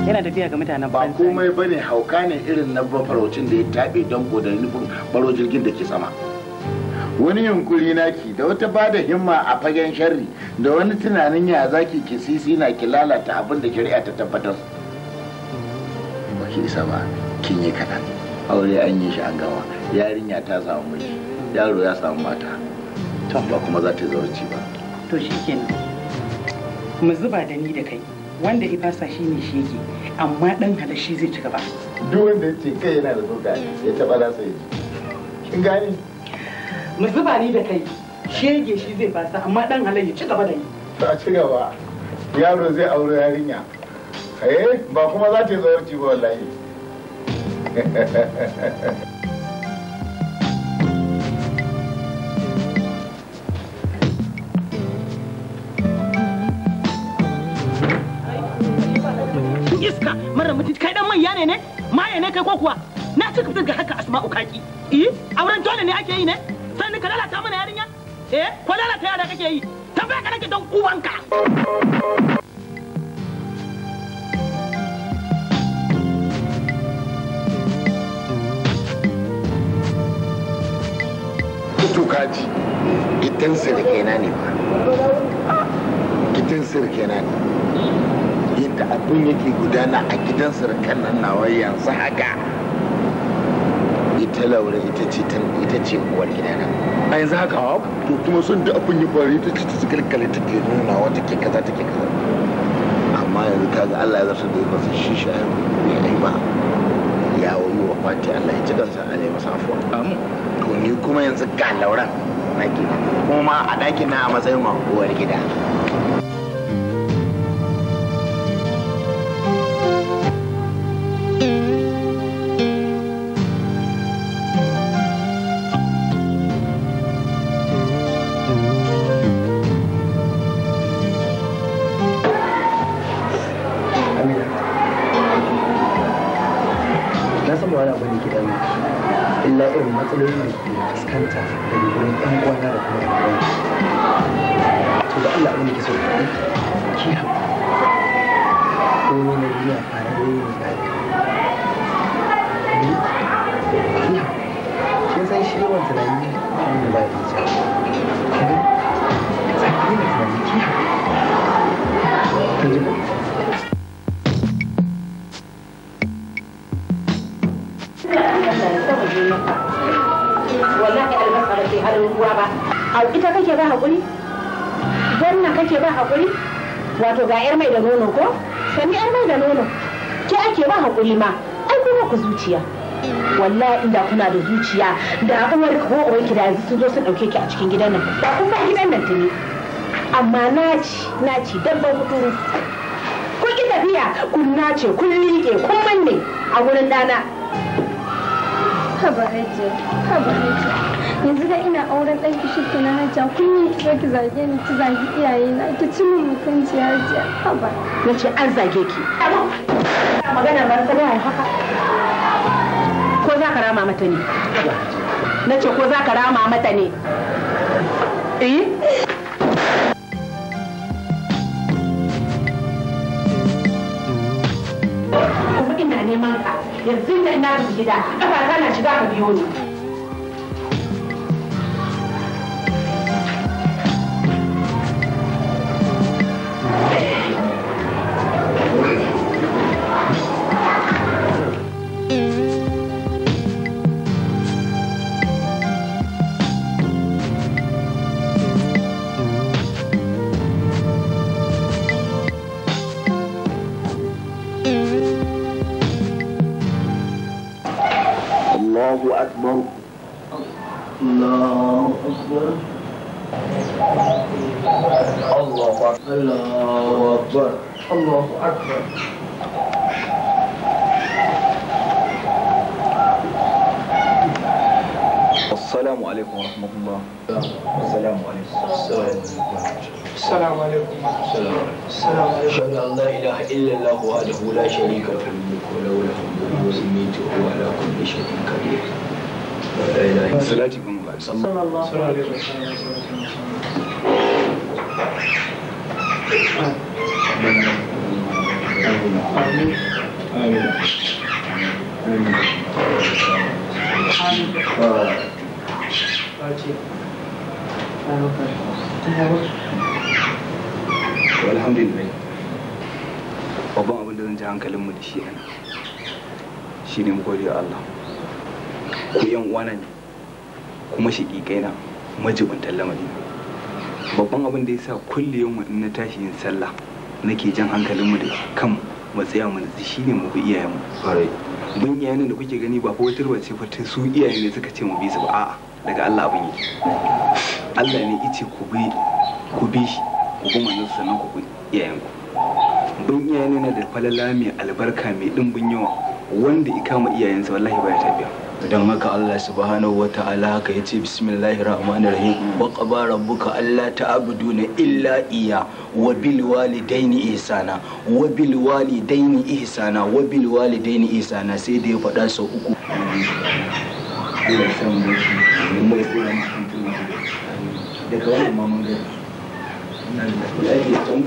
yana tafiya ga mutanen ba komai ba ne hauka ne irin na faraucin da ya taɓe don da nufin baro jirgin da ke sama wani yunkuri naki da wata ba da himma a fagen sharri da wani tunanin ya zaki ki sisi na ki lalata abin da shari'a ta tabbatar baki isa ba kin yi kaɗan aure an yi shi an gama yarinya ta samu miji yaro ya samu mata to ba kuma za ta zauci ba to shikenan mu zuba da ni da kai wanda fasa shi ne shege amma dan halashi shi zai ci gaba duk wanda yace kai yana da doka ya taba da sai kin gani mu zuba ni da kai shege shi zai fasa amma dan halal ya ci gaba da ni to a ci gaba yaro zai aure yarinya eh ba kuma za ta yi zawarci ba wallahi iska mara mutunci kai dan manya ne ne maye ne kai ko kuwa na cika fitar ga haka asma'u kaki eh auren dole ne ake yi ne sannan ka lalata mana yarinya eh ko lalata yara kake yi tambaya ka nake don uwanka su kaji gidan sirke na ne ba gidan sirke na ne yadda abin yake gudana a gidan sirkan nan nawa yanzu haka ita laura ita ce ita ce uwar gidana a yanzu haka to kuma sun da abin ya faru ita ce ta ta ke nuna wata ke kaza ta ke kaza amma yanzu kaga Allah ya zartar da ya masa shisha ya yi ba ya wuyi wa fati Allah ya ci gansa a ne masa afuwa amin ni kuma yanzu ga lauran ke kuma a ɗakin na a matsayin maguwar gida absolutely d i s k o n t e r t maka wallahi albasa ba sai halin ruwa ba a ita kake ba hakuri wannan kake ba hakuri wato ga yar mai da nono ko sani yar mai da nono ke ake ba hakuri ma ai kuma ku zuciya wallahi inda kuna da zuciya da uwar ko uwar ki da yanzu sun zo sun dauke ki a cikin gidan nan ba kun ba gidan nan tuni amma naci naci dabban kuturu kun ki tafiya kun nace kun liƙe kun manne a wurin dana haba hajiya haba hajiya yanzu da ina auren ɗan ki shirka na hajiya kun yi ki ki zage ni ki zage iyaye na ki ci min mutunci hajiya haba na ce an zage ki magana ba ta da haka ko za ka rama mata ne na ce ko za ka rama mata ne eh neman ka yanzu ina tafi gida kafa kana shiga ka biyo ni السلام عليكم ورحمة الله السلام عليكم السلام عليكم السلام عليكم أشهد أن لا إله إلا الله وحده لا شريك له الملك وله الحمد وسميته هو على كل شيء قدير لا إله إلا صلاتكم صلى الله عليه وسلم alhamdulillah babban abin da zan ji hankalinmu da shi ana shi ne gode Allah ku yan uwana ne kuma shiƙiƙai na majibin lamari babban abin da ya sa kulle yau na tashi yin sallah nake jan hankalinmu da kan mu tsaya mu nazi shine mu bi iyayenmu don iyayen da kuke gani ba kawai turba ce fata su iyayen ne suka ce mu bi su ba a'a daga Allah abin yake Allah ne yace ku bi ku bi shi ku bi manzon sannan ku bi iyayen ku don iyayen ne da falala mai albarka mai dimbin yawa wanda ikama iyayensa wallahi baya tafiya don haka Allah subhanahu wa ta'ala haka ya ce bismillahi rahmanir rahim wa qaba rabbuka alla ta'buduna illa iya wa bil walidaini ihsana wa bil walidaini ihsana wa bil walidaini ihsana sai da ya faɗa sau uku daga wannan mamangar اللهم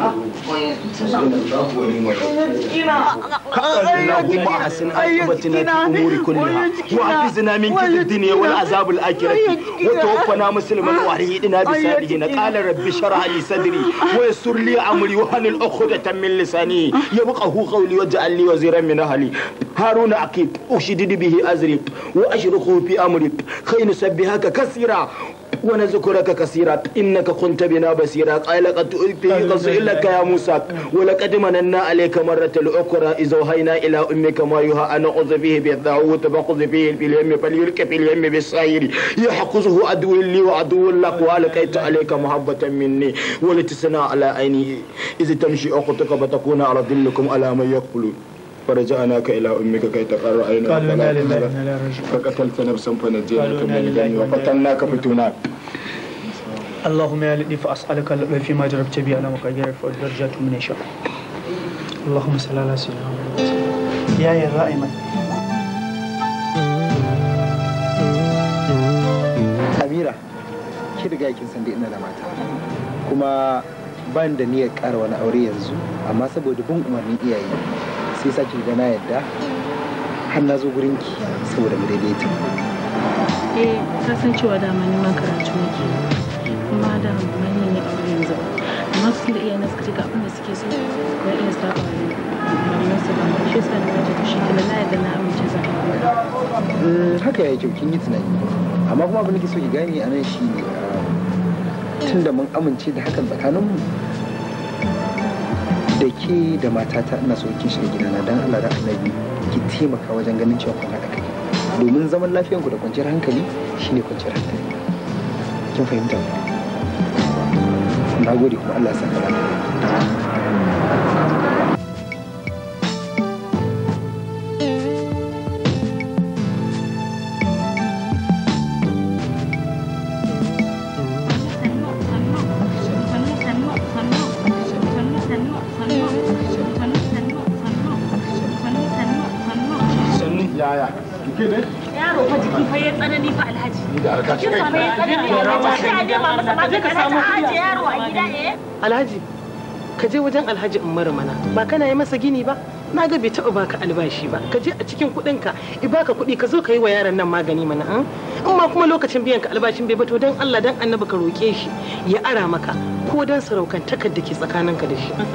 حسن عاقبتنا في الامور كلها واحفظنا منك في الدنيا والعذاب الاخره وتوفنا مسلما وحيدنا بسالحين قال رب اشرح لي صدري ويسر لي امري وهل عقدة من لساني يبقه قولي واجعل لي وزيرا من اهلي هارون اكيد اشدد به ازري واشرخه في امري كي نسبحك كثيرا ونذكرك كثيرا إنك كنت بنا بصيرا قال لقد أوتيت سؤلك يا موسى ولقد مننا عليك مرة الاخرى إذا وهينا إلى أمك ما يها أن أخذ به بالذعوت فخذ به في اليم فليلك في اليم بالسير يحقزه عدو لي وعدو لك وألقيت عليك محبة مني ولتسنى على عيني إذ تمشي أختك فتكون على ظلكم على من يقبلون فرجعناك إلى أمك كي تقر عينها قالوا لا لله فقتلت نفسا فنجيناك من الجن وقتلناك فتونا اللهم يا لدي لطيف في ما جربت به على مقاديرك والدرجات من يشاء اللهم صل على سيدنا محمد يا يا رائما Amira, ki riga kin san da لماتا كما mata. Kuma ban da niyyar ƙara wani aure yanzu, amma saboda bin umarnin iyaye sai sa ki ga na yadda har na zo gurin ki saboda mu daidaita eh ka san cewa da mani man karatu nake kuma da mani ne ne aure yanzu amma sun da iyayen suka ce ga abin da suke so na iya su ta aure su ba ma shi sa na ji shi kila na yadda na amince za ka eh, haka haka yi kyau kin yi tunani amma kuma abin da ke so ki gane a nan ne ah, tun da mun amince da hakan tsakaninmu da ke da matata ina so kin shiga gidana dan Allah da annabi ki taimaka wajen ganin cewa kun haɗa kai domin zaman ku da kwanciyar hankali shine kwanciyar hankali kin fahimta na gode kuma Allah ya saka lafiya da eh? alhaji ka je wajen alhaji in mara mana ba kana yi masa gini ba na ga bai taɓa baka albashi ba ka je a cikin kuɗinka i baka kuɗi ka zo ka yi wa yaran nan magani mana hmm? in ma kuma lokacin biyan ka albashin bai bato don Allah don annaba ka roƙe shi ya ara maka ko dan saraukan takarda ke tsakaninka da shi kai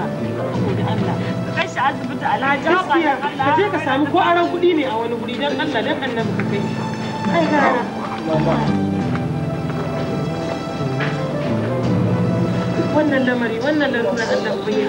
shi asibiti ka je ka samu ko aron kuɗi ne a wani guri don Allah dan annabi ka kai wannan lamari wannan larurar Allah ku yi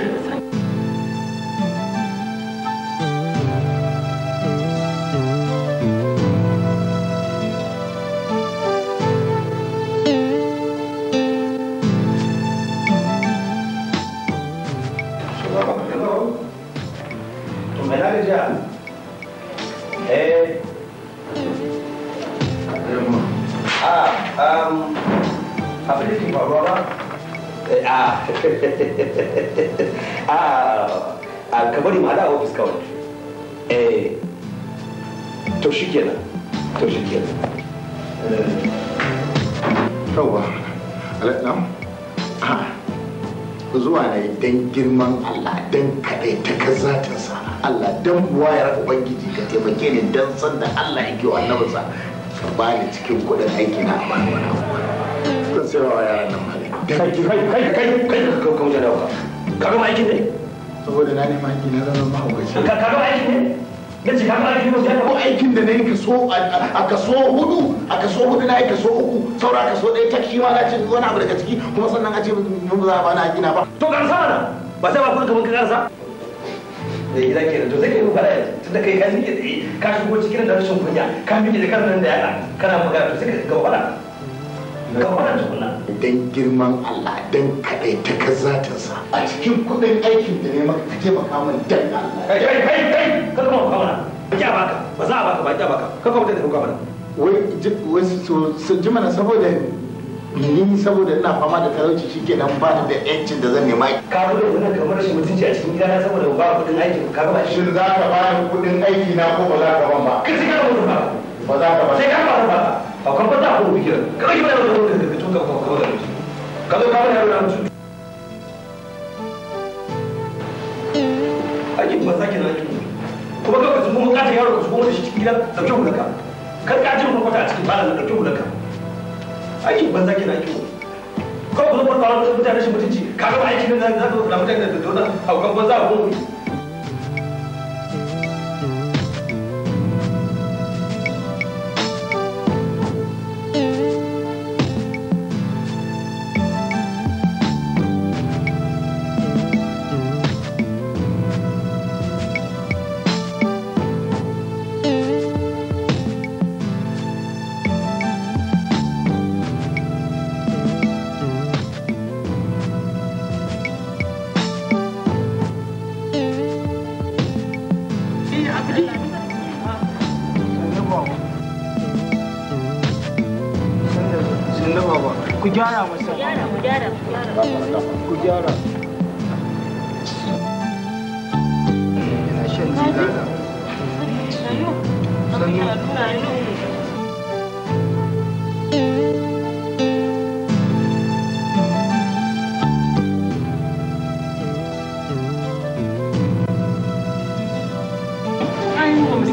Allah dan buwayar ubangiji ka taimake ni dan san da Allah yake wa annabinsa ka ni cikin kuɗin aiki na ba wani abu zan sai wa yaran nan mali kai kai kai kai kai ka kawo da dawa ka ga aikin ne saboda na neman aiki na zama mahaukaci ka ka ga aikin ne nace ka ga aikin ne ka aikin da na yi ka so a ka so hudu a ka so hudu na yi ka so uku saura kaso ɗaya ta kima na ce wani abu daga ciki kuma sannan a ce mun ba za a bani aiki na ba to ka sama na ba sai ba kuɗi kamar ka rasa da gida kenan to sai ka yi fara yanzu tunda kai ka miƙe tsaye ka shigo cikin da rashin kunya ka miƙe da kanka da yana kana magana to sai ka ga fara ga girman Allah ta sa a cikin kudin aikin da ne maka kake maka min dan Allah kai kai kai ka kuma ka mana ba ja baka ba za a baka ba ja baka ka kuma da ka mana wai wasu sun ji mana saboda ni saboda ina fama da talauci shi kenan ba ni da yancin da zan nema ka fi da wannan kamar shi mutunci a cikin gidana saboda ba kudin aiki ka ba shi za ka ba ni kudin aiki na ko ba za ka ban ba ka ci ka ba ba za ka ba sai ka ba ba a kan ba ta ko bikin ka ba da wannan da ka tuka ko ka ba da shi ka zo ka ba da wannan aikin ba sake na aikin kuma ka ka tumo ka ta yaro ka tumo shi cikin gidan da kyau ka kar ka ji mun kwata a cikin ba da kyau ka aikin banza ke aikin kiwo kawai ku zo ku kawo mutane shi mutunci kaga ba aikin nan za ka zo mutane da dole haukan banza a gobe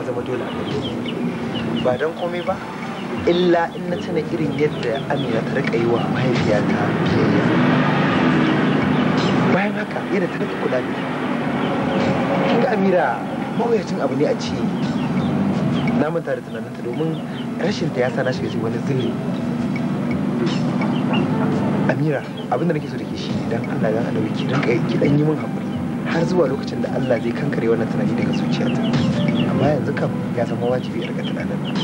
ya zama dole ba don komai ba illa in na tana irin yadda amina ta rika yi wa mahaifiyata biyayya bayan haka yadda ta rika kula da kin ga amira mawuyacin abu ne a ce na manta da tunaninta domin rashin ta ya sa na shiga wani zuri amira abin da nake so da ke shi don allah dan annabi ki rinka ki dan yi min hakuri har zuwa lokacin da allah zai kankare wannan tunani daga zuciyata amma yanzu kam ya zama wajibi a ga tunanin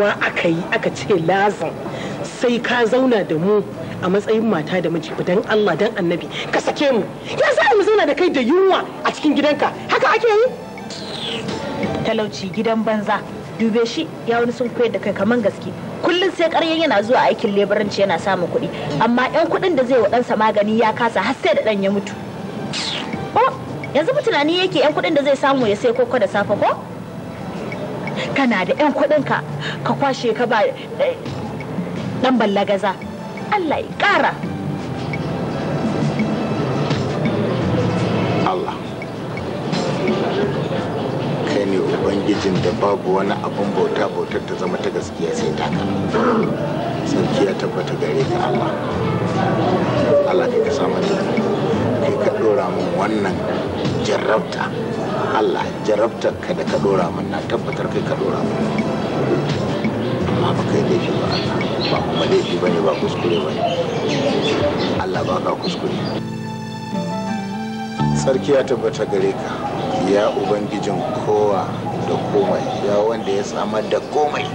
rayuwa aka yi aka ce lazim sai ka zauna da mu a matsayin mata da miji dan Allah dan annabi ka sake mu ya sa mu zauna da kai da yunwa a cikin gidanka haka ake yi talauci gidan banza dube shi ya wani sun koyar da kai kaman gaske kullum sai karyan yana zuwa aikin leburanci yana samun kuɗi amma yan kuɗin da zai wa ɗansa magani ya kasa har sai da ɗan ya mutu oh, yanzu mu tunani yake yan kuɗin da zai samu ya sai koko da safe ko kana da yan ka. ka kwashe ka ba eh, dan ballagaza Allah ya ƙara Allah kai ne ubangijin da babu wani abin bauta bautar ta zama ta gaskiya sai taka sarki ya tabbata gare ka Allah Allah kai ka samu kai ka dora min wannan jarrabta Allah jarrabtar ka da ka dora min na tabbatar kai ka dora min amma ba kai laifi ba ba kuma da ba ne ba kuskure ba ne Allah ba ka kuskure sarki ya tabbata gare ka ya ubangijin kowa da komai ya wanda ya samar da komai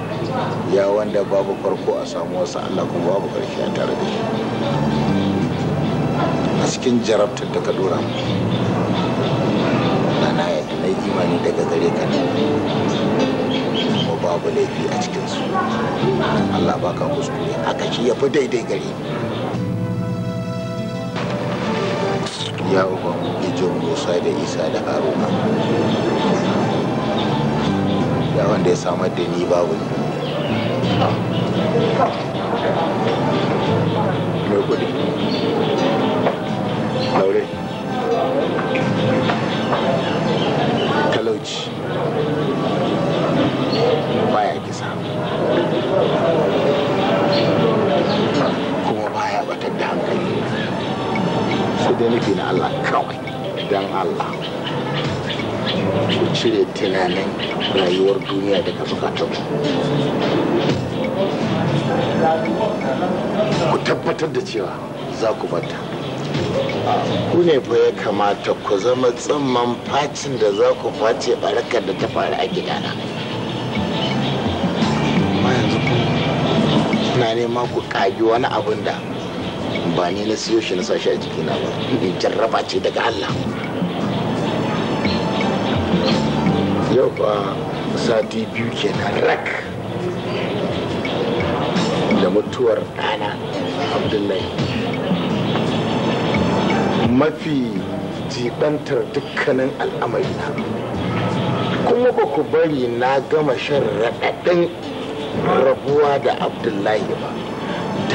ya wanda babu farko a samu wasu Allah kuma babu karshe a tare da shi a cikin jarabtar da ka dora na na yadda na imani daga gare ka babu laifi a cikinsu Allah baka kuskure haka shi ya fi daidai gari ya uba ijin musa da isa da haruna ya wanda ya samar da ni babu mai kudi laure dai nufi na Allah kawai don Allah ku cire tunanin rayuwar duniya daga zukatan ku tabbatar da cewa za ku bata ku ne fa ya kamata ku zama tsimman facin da za ku face barakar da ta faru a gidana na neman ku kagi wani abin da ba ni na siyo shi na sa shi a jikina ba jarraba ce daga Allah yau ba sati biyu ke na rak da mutuwar ɗana abdullahi mafi jibantar dukkanin al'amari na kuma ba ku bari na gama shan raɗaɗin rabuwa da abdullahi ba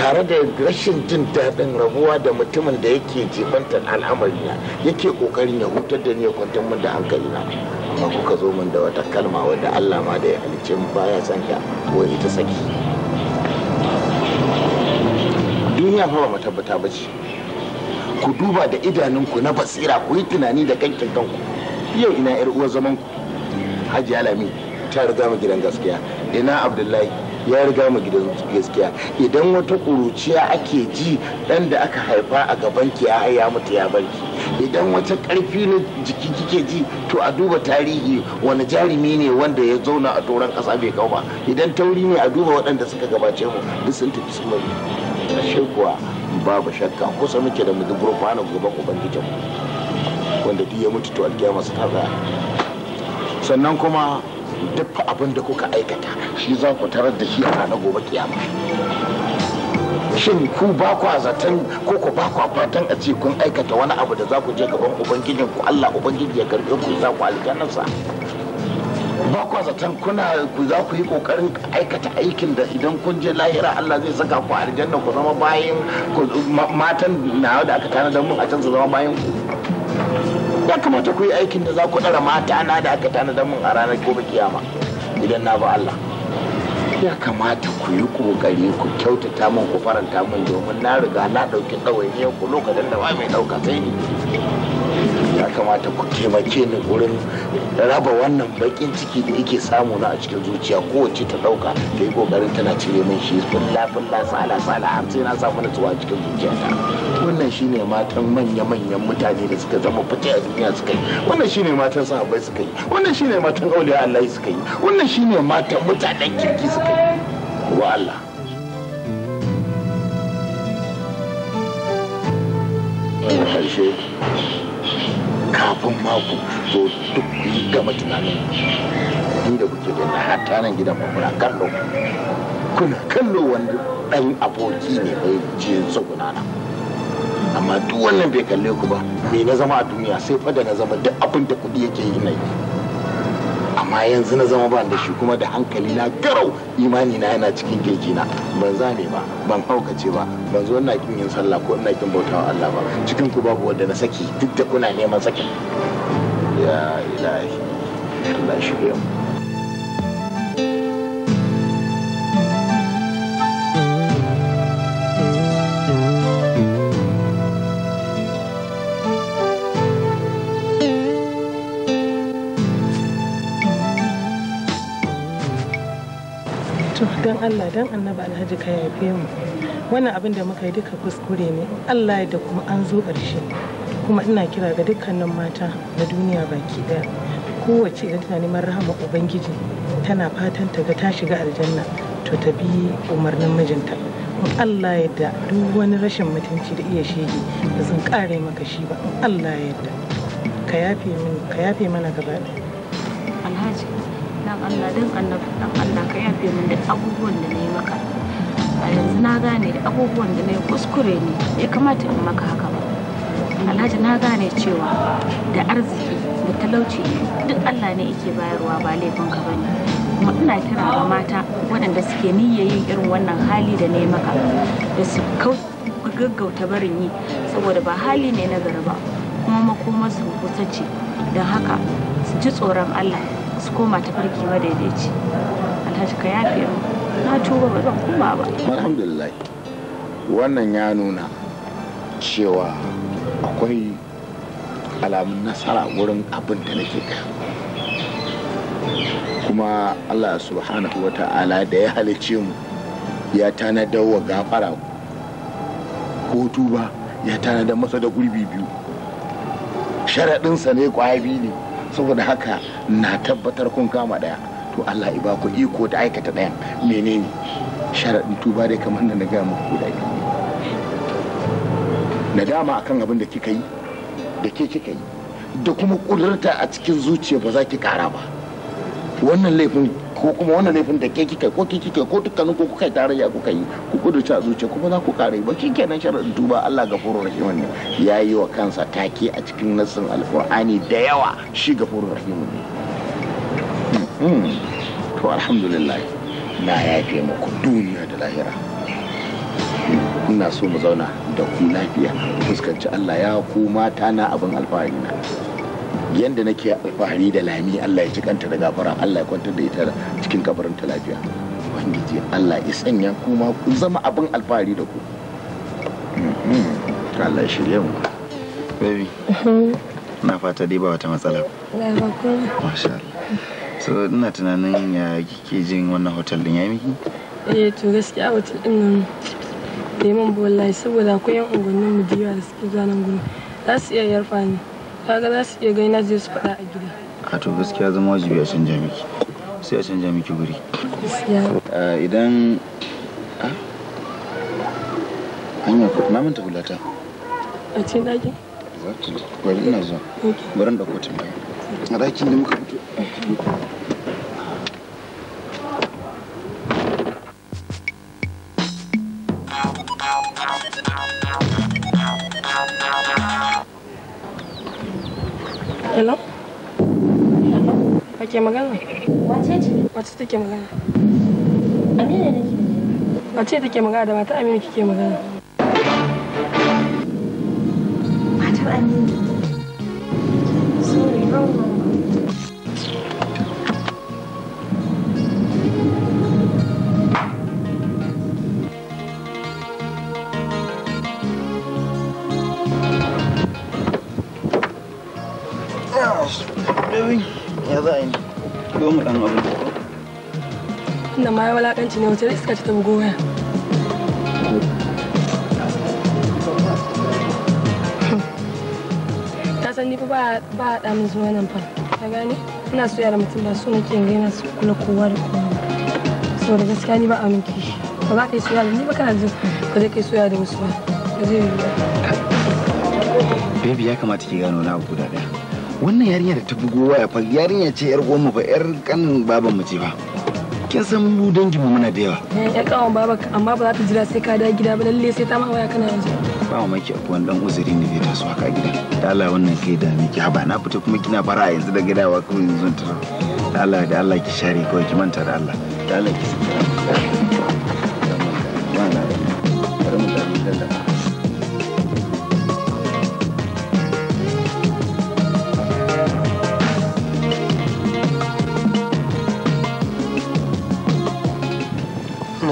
tare da rashin jin daɗin rabuwa da mutumin da yake jibantar al'amari na yake ƙoƙarin ya hutar da ni ya kwantar min da hankali na amma kuka zo min da wata kalma wadda Allah ma da ya halice mu baya san ta ko ita saki duniya fa ba mu tabbata ba ce ku duba da idanunku na basira ku yi tunani da kankin kanku yau ina yar uwar zaman ku Hajiya Lami ta riga mu gidan gaskiya ina Abdullahi ya riga mu gidan gaskiya idan wata ƙuruciya ake ji ɗan da aka haifa a gaban ki ya haya mutu ya barki idan wata ƙarfi na jiki kike ji to a duba tarihi wani jarumi ne wanda ya zauna a doron ƙasa bai kau ba idan tauri ne a duba waɗanda suka gabace mu duk sun tafi su mai ashe kuwa babu shakka kusa muke da mu duk gurfanin ubangijinmu wanda duk ya mutu to alkiyama su ta sannan kuma duk abin da kuka aikata shi za ku tarar da shi a ranar gobe kiyama shin ku ba ku zaton ko ku ba ku fatan a ce kun aikata wani abu da za ku je gaban ubangijin ku Allah ubangiji ya karbe ku za ku aljannarsa ba ku zaton kuna ku za ku yi kokarin aikata aikin da idan kun je lahira Allah zai saka ku aljanna ku zama bayan matan na da aka da mun a can su zama bayan ku ya kamata ku yi aikin da za ku tsara mata na da aka tanadar mun a ranar gobe kiyama idan na ba Allah ya kamata ku yi kokari ku kyautata min ku faranta min domin na riga na ɗauki ɗawainiyar ku lokacin da ba mai ɗauka sai ni ya kamata ku taimake ni wurin raba wannan bakin ciki da yake samu na a cikin zuciya kowace ta dauka da yi kokarin tana cire min shi fulla bulla sala sala har sai na samu na a cikin zuciya ta wannan shine matan manya manyan mutane da suka zama fice a duniya suka yi wannan shine matan sahabbai suka yi wannan shine matan auliya Allah suka yi wannan shine matan mutanen kirki suka yi wa Allah karshe kafin mako so duk yi gama tunanin ni da kuke na nan gidan kuna kallo kuna kallo wanda dan aboki ne bai je tsoguna na amma duk wannan bai kalle ku ba me na zama a duniya sai fa da na zama duk abin da kuɗi yake yi na yi amma yanzu na zama ban da shi kuma da hankali na garau imani na yana cikin kirji na ban ne ba ban aukace ba ban zo ina kin yin sallah ko ina kin bautawa Allah ba cikin ku babu wanda na saki duk da kuna neman sakin ya ilahi Allah shi don Allah don annaba alhaji ka yafe mu wannan abin da muka yi duka kuskure ne Allah da kuma an zo ƙarshe kuma ina kira ga dukkanin mata na duniya baki daya kowace idan tana neman rahama ubangiji tana fatan ta ga ta shiga aljanna to ta bi umarnin mijinta Allah ya da duk wani rashin mutunci da iya shege ba zan kare maka shi ba Allah ya da ka yafe mana gaba ɗaya Allah don annabi dan Allah ka yafe min duk abubuwan da na yi maka a yanzu na gane da abubuwan da na yi kuskure ne ya kamata in maka haka ba alhaji na gane cewa da arziki da talauci duk Allah ne yake bayarwa ba laifin ka bane kuma ina kira ga mata waɗanda suke niyyar yin irin wannan hali da na yi maka da su gaggauta barin yi saboda ba hali ne na gari ba kuma su kusa ce don haka su ji tsoron Allah su koma ta farki madaidaici alhaji ka yafe mu na tuba ba zan koma ba alhamdulillah wannan ya nuna cewa akwai alamun nasara wurin abin da nake kai kuma allah subhanahu wa ta'ala da ya halice mu ya tanadar wa gafara ko tuba ya tanadar masa da gurbi biyu sharaɗinsa ne kwaya biyu ne saboda haka na tabbatar kun kama daya to Allah ya ku iko da aikata daya menene sharadin tuba dai kamar da na ga muku guda nadama akan abin da kika yi da ke kika yi da kuma kudurta a cikin zuciya ba za ki kara ba wannan laifin ko kuma wannan laifin da ke kika ko kika ko dukkanin ko kuka tarayya kuka yi ku gudu a zuciya kuma za ku kare ba nan sharadin duba Allah gafurur rahim ne yayi wa kansa take a cikin nassin alqur'ani da yawa shi gafurur rahim ne hmm. to alhamdulillah na yafe muku duniya da lahira ina so mu zauna da ku lafiya fuskanci Allah ya ku mata na abin alfahari na yadda nake alfahari da lami Allah ya cikanta da gafara Allah ya kwantar da ita cikin kabarin ta lafiya ubangiji Allah ya sanya kuma kun zama abin alfahari da ku mm-hmm. Allah ya shirya mu baby mm-hmm. na fata dai ba wata matsala masha Allah so ina tunanin ya kike jin wannan hotel din ya miki eh to gaskiya hotel din nan neman bollahi saboda akwai yan unguwannin mu da yawa da suke zanen gudu za su iya yarfa ni kaga za su iya gaina zai su faɗa a gida a to gaskiya zama wajibi a canja miki sai a canja miki guri idan hanya na manta hulata a Hello? Hello? Wa ke magana? Wace ce? Wace take magana? Amina ne ke. Wace take magana da mata Amina kike magana? amma ya walakanci ne wace iska ta bugo waya ta san ni ba ba da min zuwa nan fa ka gane ina so yara mutum ba so ke yin su kula kowa da kowa so da gaskiya ni ba a min ba za ka yi soyayya da ni ba kana jin ka zai kai soyayya da wasu ba ka je Baby ya kamata ki gano na guda daya. Wannan yarinya da ta bugo waya fa yarinya ce yar uwan mu fa yar kanin baban mu ce ba. kin san mu dangin mu muna da yawa eh, ya kawo baba amma ba za ta jira sai ka da gida ba lalle sai ta ma waya kana yanzu ba mu maki akwai dan uzuri ne zai taso haka gida Allah wannan kai da miki haba na fita kuma kina bara yanzu da gidawa kuma yanzu ta Allah da Allah ki share kawai ki manta da Allah da Allah ki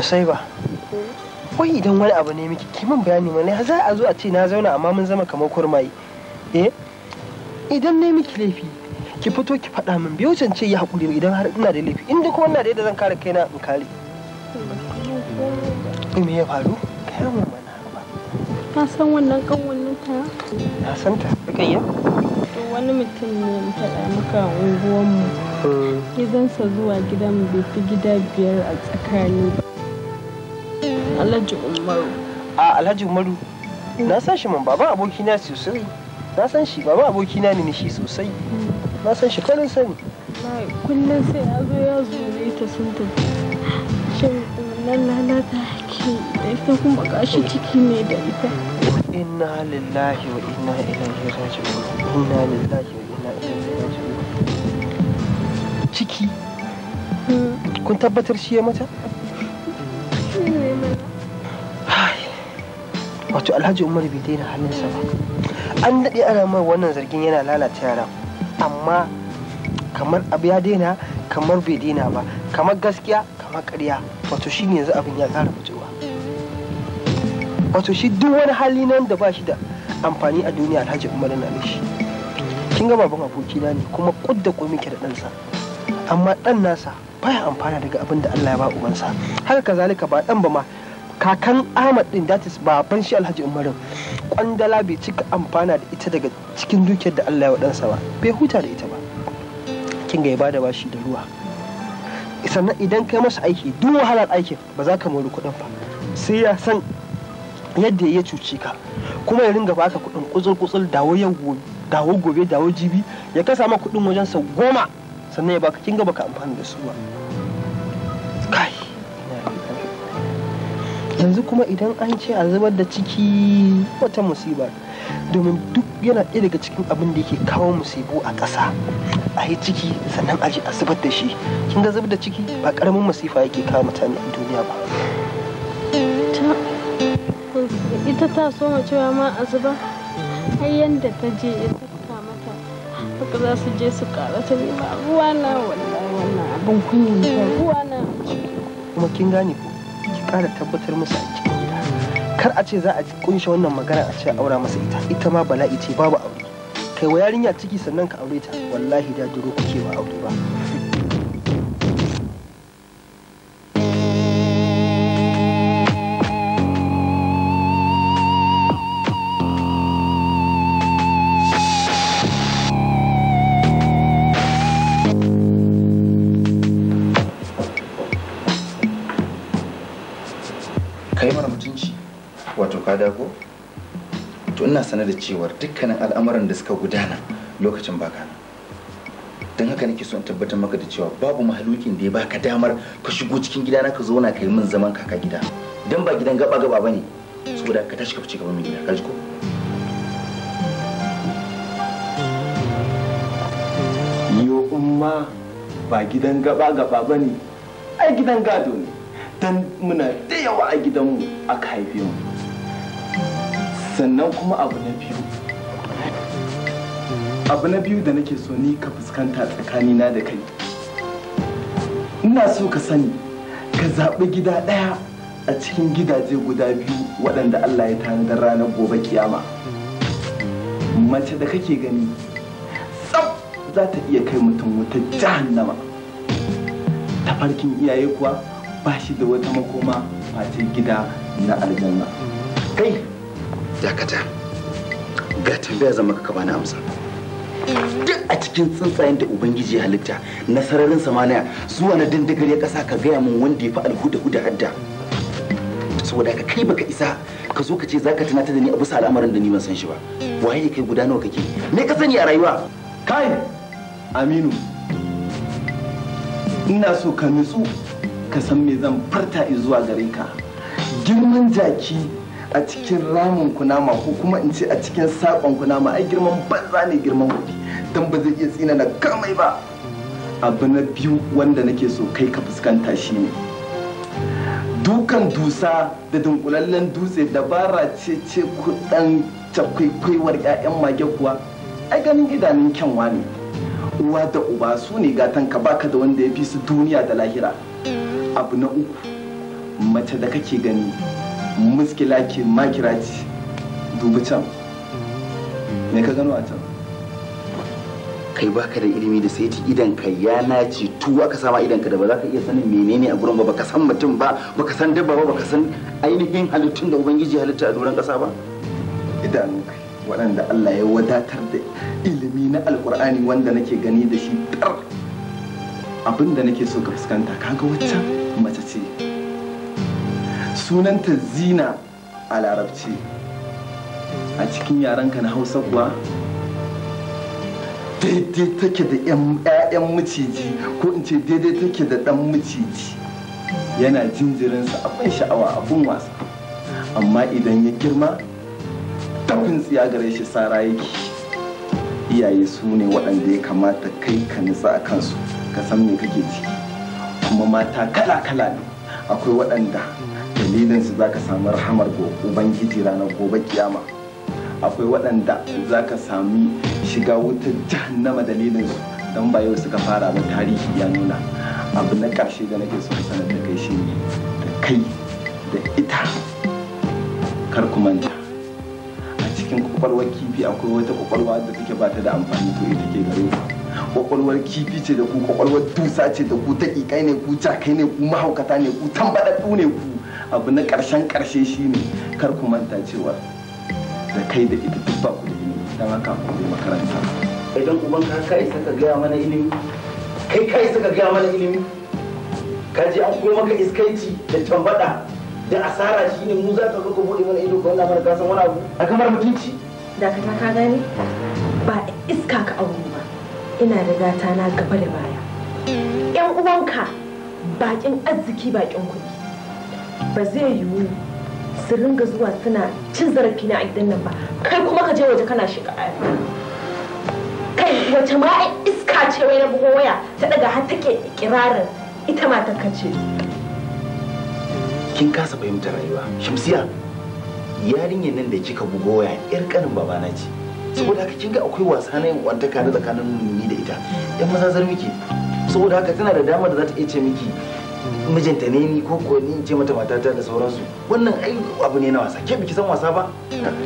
sai ba Wai idan wani abu ne miki kimin bayani mana za a zo a ce na zauna amma mun zama kamar kurmayi. Eh? Idan ne miki laifi ki fito ki faɗa min biyo ce ya haƙuri idan har ina da laifi inda kuma ina da yadda zan kare kaina in kare. Me ya faru? Kai mu mana. na san wannan kanwannin ta? Na san ta. kai Kayya? wani mutum ne faɗa maka unguwanmu. Hmm. sa zuwa gidan bai fi gida biyar a tsakani ba. Alhaji Umaru. A Alhaji Umaru. Na san shi man baban abokina sosai. Na san shi baban abokina ne shi sosai. Na san shi kullun sai. Kullum sai ya zo ya ne ta sun tafi. Shin nan lalata ke da ita kuma gashi ciki ne da ita. Inna lillahi wa inna ilaihi raji'un. Inna lillahi wa inna ilaihi raji'un. Ciki. Hmm. Kun tabbatar shi ya mata? wato alhaji umar bai daina hannunsa ba an daɗe ana mai wannan zargin yana lalata yara amma kamar abu ya daina kamar bai daina ba kamar gaskiya kamar karya wato shi yanzu abin ya ƙara fitowa wato shi duk wani hali nan da ba shi da amfani a duniya alhaji umar na shi kin ga baban abokina ne kuma kudda ko muke da ɗansa amma ɗan nasa baya amfana daga abin da Allah ya ba ubansa haka kazalika ba dan ba ma kakan Ahmad din datis baban shi Alhaji Umarin kwandala bai cika amfana da ita daga cikin dukiyar da Allah ya wadansa ba bai huta da ita ba kin ga ya bada bashi da ruwa sannan idan kai masa aiki duk wahalar aikin ba za ka mori kuɗin ba sai ya san yadda ya cuci ka kuma ya ringa baka kuɗin kuzul kuzul dawo yau dawo gobe dawo jibi ya kasa ma kuɗin sa goma sannan ya baka kinga baka amfani da su ba kai yanzu kuma idan an ce a zubar da ciki wata musiba domin duk yana ɗaya daga cikin abin da yake kawo musibu a ƙasa a yi ciki sannan a je a zubar da shi kin ga zubar da ciki ba ƙaramin masifa yake kawo mutane a duniya ba ita ta so cewa ma a zuba ai yanda ta je ita haka za su je su kara ta nema ruwa na wannan abin kunya ne ruwa na kuma kin gane ko ki kara tabbatar musu a cikin gida kar a ce za a kunshe wannan magana a ce aura masa ita ita ma bala'i ce babu aure kai wa yarinya ciki sannan ka aure ta wallahi da duro kuke ba aure ba lada ko to ina sanar da cewar dukkanin al'amuran da suka gudana lokacin baka nan don haka nake so in tabbatar maka da cewa babu mahalukin da ya baka damar ka shigo cikin gidana ka zauna ka yi min zaman kaka gida dan ba gidan gaba gaba bane saboda ka tashi ka fice gaban min gida ka ji ko yo umma ba gidan gaba gaba bane ai gidan gado ne dan muna da yawa a gidanmu aka haife mu sannan kuma abu na biyu abu na biyu da nake so ni ka fuskanta tsakanina da kai ina so ka sani ka zaɓi gida ɗaya a cikin gidaje guda biyu waɗanda Allah ya tanadar ranar gobe kiyama mace da kake gani tsaf za ta iya kai mutum wata jahannama farkin iyaye kuwa ba shi da wata makoma face gida na aljanna kai dakata ga tambaya zama ka bani amsa duk a cikin tsuntsayen da ubangiji ya halitta na sararin samaniya zuwa na dindigar ya kasa ka gaya min wanda ya fi alhuda huda hadda saboda ka kai baka isa ka zo ka ce zaka tunata da ni a bisa al'amarin da ni ban san shi ba waye kai guda nawa kake me ka sani a rayuwa kai aminu ina so ka nutsu ka san me zan farta zuwa gare ka girman jaki a cikin ramin kunama ko kuma in ce a cikin sakon kunama ai girman banza ne girman kuɗi don ba zai iya tsina na kamai ba abu na biyu wanda nake so kai ka fuskanta shi ne dukan dusa da dunkulallen dutse dabara ce ce kudan cakwaikwaiwar 'ya'yan mage kuwa ai ganin idanun kyanwa ne uwa da uba su ne gatan ka baka da wanda ya fi su duniya da lahira abu na uku mace da kake gani muskilaki makiraci makira ci dubu can me ka gano a can kai baka da ilimi da sai idan ka ya naci tuwa ka sama idan ka da ba za ka iya sanin menene a gurin ba baka san mutum ba baka san dabba ba baka san ainihin halittun da ubangiji halitta a doron kasa ba idan waɗanda Allah ya wadatar da ilimi na alkur'ani wanda nake gani da shi tar abinda nake so ka fuskanta kaga wacce mace ce sunanta zina a larabci a cikin yarenka na hausa kuwa daidai take da 'ya'yan maciji ko in ce daidai take da ɗan maciji yana jinjirinsa abin sha'awa abin wasa amma idan ya girma tafin tsiya gare shi sara yake iyaye su ne waɗanda ya kamata kai ka nutsa a kansu ka san me kake ciki kuma mata kala-kala ne akwai waɗanda dalilin su zaka samu rahamar ubangiji ranar gobe kiyama akwai waɗanda zaka sami shiga wutar jahannama dalilin su don ba yau suka fara ba tarihi ya nuna abu na ƙarshe da nake so sanar da kai shi ne da kai da ita kar ku manta a cikin kwakwalwar kifi akwai wata kwakwalwa da take ba ta da amfani ko ita ke gare ku kwakwalwar kifi ce da ku kwakwalwar dusa ce da ku ta ne ku jakai ne ku mahaukata ne ku tambaɗaɗɗu ne ku abu na karshen karshe shine kar ku manta cewa da kai da ita duk ba ku da ilimi don haka ku je makaranta idan uban ka kai isa ka gaya mana ilimi kai ka isa ka gaya mana ilimi ka je an koma maka iskaici da tambada da asara shine mu za ka ka bude mana ido ka wanda mana ka san wani abu a kamar mutunci da ka ka gane ba iska ka aure ba ina da gata na gaba da baya yan uwanka bakin arziki bakin kuɗi ba zai yiwu su ringa zuwa suna cin zarafi na gidan nan ba kai kuma ka je waje kana shiga kai wace ma iska ce wai na bugo waya ta daga har take ikirarin ita ma ta kace. kin kasa fahimtar rayuwa shamsiya yarinyar nan da kika bugo waya yar kanin babana ce saboda haka kin ga akwai wasa na yin kwantaka na tsakanin ni da ita yan maza zar miki saboda haka tana da damar da za ta iya ce miki mijinta ne ni ko ko ni ce mata matata da sauransu wannan ai abu ne na wasa ke biki san wasa ba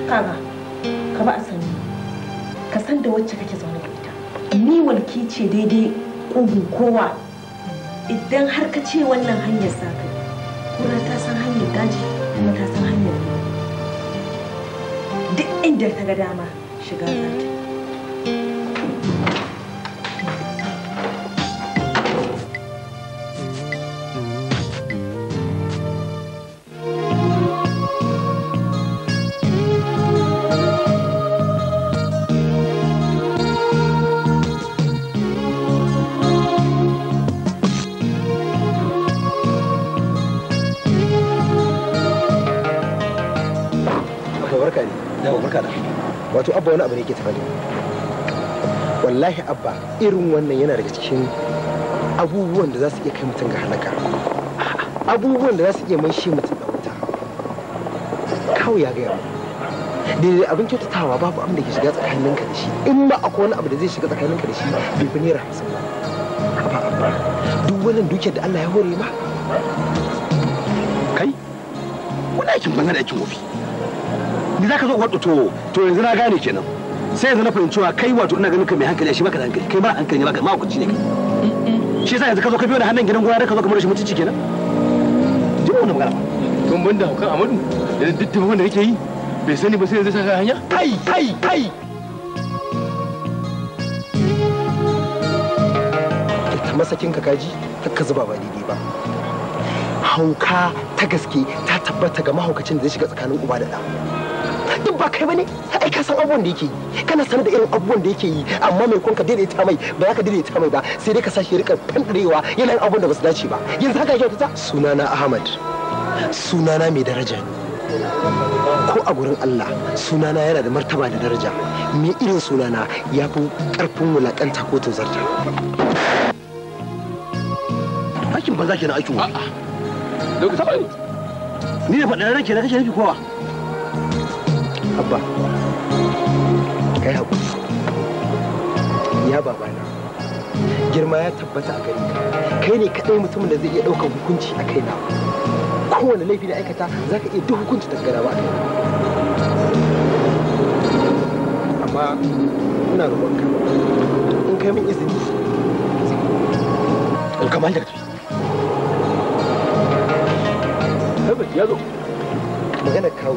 kaga ka ba asani ka san da wacce kake zaune da ita ni walki ce daidai ƙugun kowa idan har ka ce wannan hanyar sa kai kura ta san hanyar daji kuma ta san hanyar duk inda ta ga dama shiga zata. makara wato abba wani abu ne ke tafa wallahi abba irin wannan yana daga cikin abubuwan da za su iya kai mutum ga halaka abubuwan da za su iya mai shi mutum da wuta kawo ya gaya daidai abin kyautatawa babu abin da ke shiga tsakaninka da shi in ba akwai wani abu da zai shiga tsakaninka da shi bai fi naira hamsin ba abba duk wannan dukiyar da Allah ya hore ma kai wani aikin da aikin wofi za ka zo wato to to yanzu na gane kenan sai yanzu na fahimci cewa kai wato ina ganin ka mai hankali shi baka da hankali kai ba hankali ne baka ma kuci ne kai shi yasa yanzu ka zo ka biyo da hannun gidan gona ka zo ka shi mutunci kenan ji wannan magana kun ban da haukan amadu da duk tafafin da yake yi bai sani ba sai yanzu saka hanya kai kai kai ta masakin ka kaji ka zuba ba daidai ba hauka ta gaske ta tabbata ga mahaukacin da zai shiga tsakanin uba da ɗa duk ba kai bane ai ka san abubuwan da yake yi kana sanar da irin abubuwan da yake yi amma mai kun ka daidaita mai ba za ka daidaita mai ba sai dai ka sashi rika fandarewa yana abubuwan da ba su dace ba yanzu haka kyautu ta sunana ahmad sunana mai daraja ko a gurin Allah sunana yana da martaba da daraja me irin sunana ya fi karfin wulakanta ko tozarta aikin banza kenan aikin wa ni da faɗa ranke na kake nufi kowa abba kai haƙuri ya babana girma ya tabbata a gari kai ne kaɗai mutumin da zai iya ɗaukar hukunci a kai na kowane laifi da aikata za ka iya duk hukunci ta gara ba a kai. amma ina roƙonka in kai min izini in kamar da ya zo magana kawo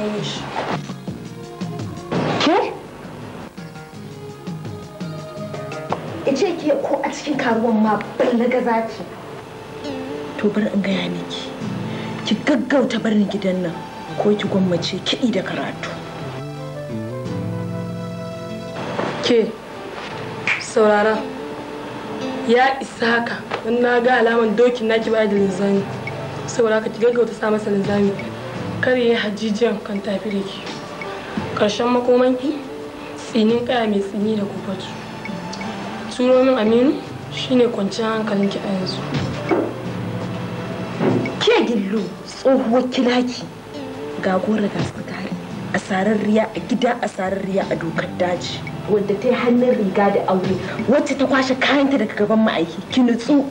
na yi shi ke ke ko a cikin karuwan ma ballaga zaki to bar in gaya miki ki gaggauta barin gidan nan ko ki gwammace kiɗi da karatu ke saurara ya isa haka Wani na ga alaman dokin naki baya da linzami saboda haka ki gaggauta sa masa linzami kare ya hajijiyan kan tafi da ke ƙarshen makomanki tsinin kaya mai tsini da kufatu turo min aminu shine kwanciyar ki a yanzu ke gillo tsohuwar kilaki ga gora ga tsakari a sararriya a gida a sararriya a dokar daji wadda ta yi hannun riga da aure wacce ta kwashe kayanta daga gaban ma'aiki ki nutsu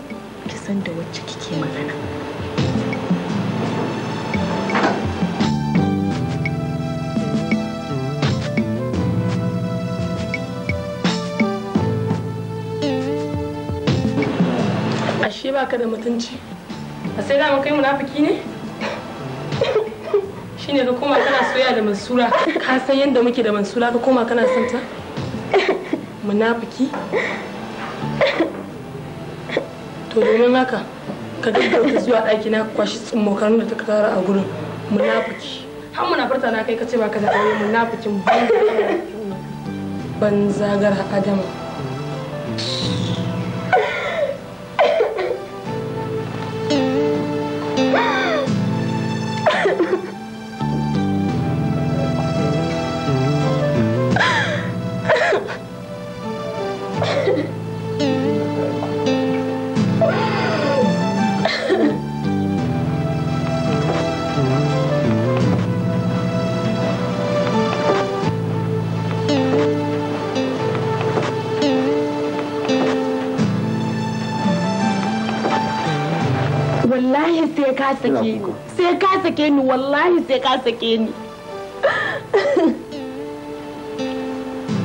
ashe ka da mutunci a sai dama kai munafiki ne shine ka koma kana soya da mansura ka san yadda muke da mansura ka koma kana son ta munafiki to domin haka ka gaggauta zuwa ɗaki na kwashi tsummokarun da ta tara a gurin munafiki har munafarta na kai ka ce ba ka da aure munafikin banza gara adama sake ni sai ka sake ni wallahi sai ka sake ni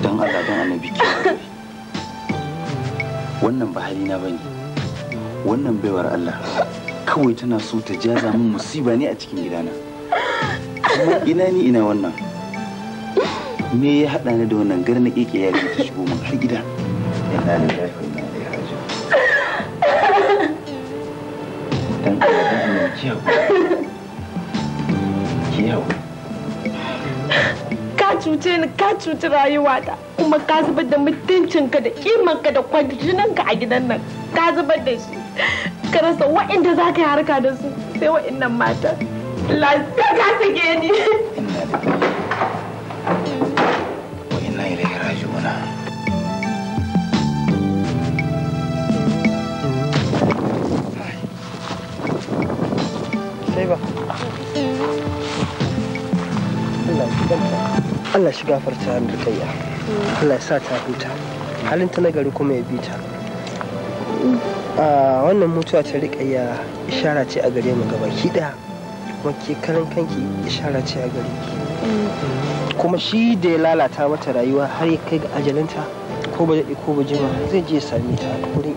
don Allah don annabi wannan ba halina bane wannan baiwar Allah kawai tana so ta jaza min musiba ne a cikin gidana amma ina ni ina wannan me ya haɗa ni da wannan garna keke ya ta shigo min har gida yana da ka cuce ni ka cuci rayuwata kuma ka zubar da mutuncinka da kimanka da kwadjininka a gidan nan ka zubar da shi ka rasa wa'inda za ka yi harka da su sai wa'innan mata lafiya ka sake ni Allah shi gafarta da kaiya Allah sa ta huta halin ta nagari kuma ya bi ta wannan mutuwa ta ya ishara ce a gare mu gaba ki kuma ke karan kanki ishara ce a gare ki mm. kuma shi da ya lalata mata rayuwa har ya kai ga ajalinta ko ba daɗe ko ba zai je sami ta a wurin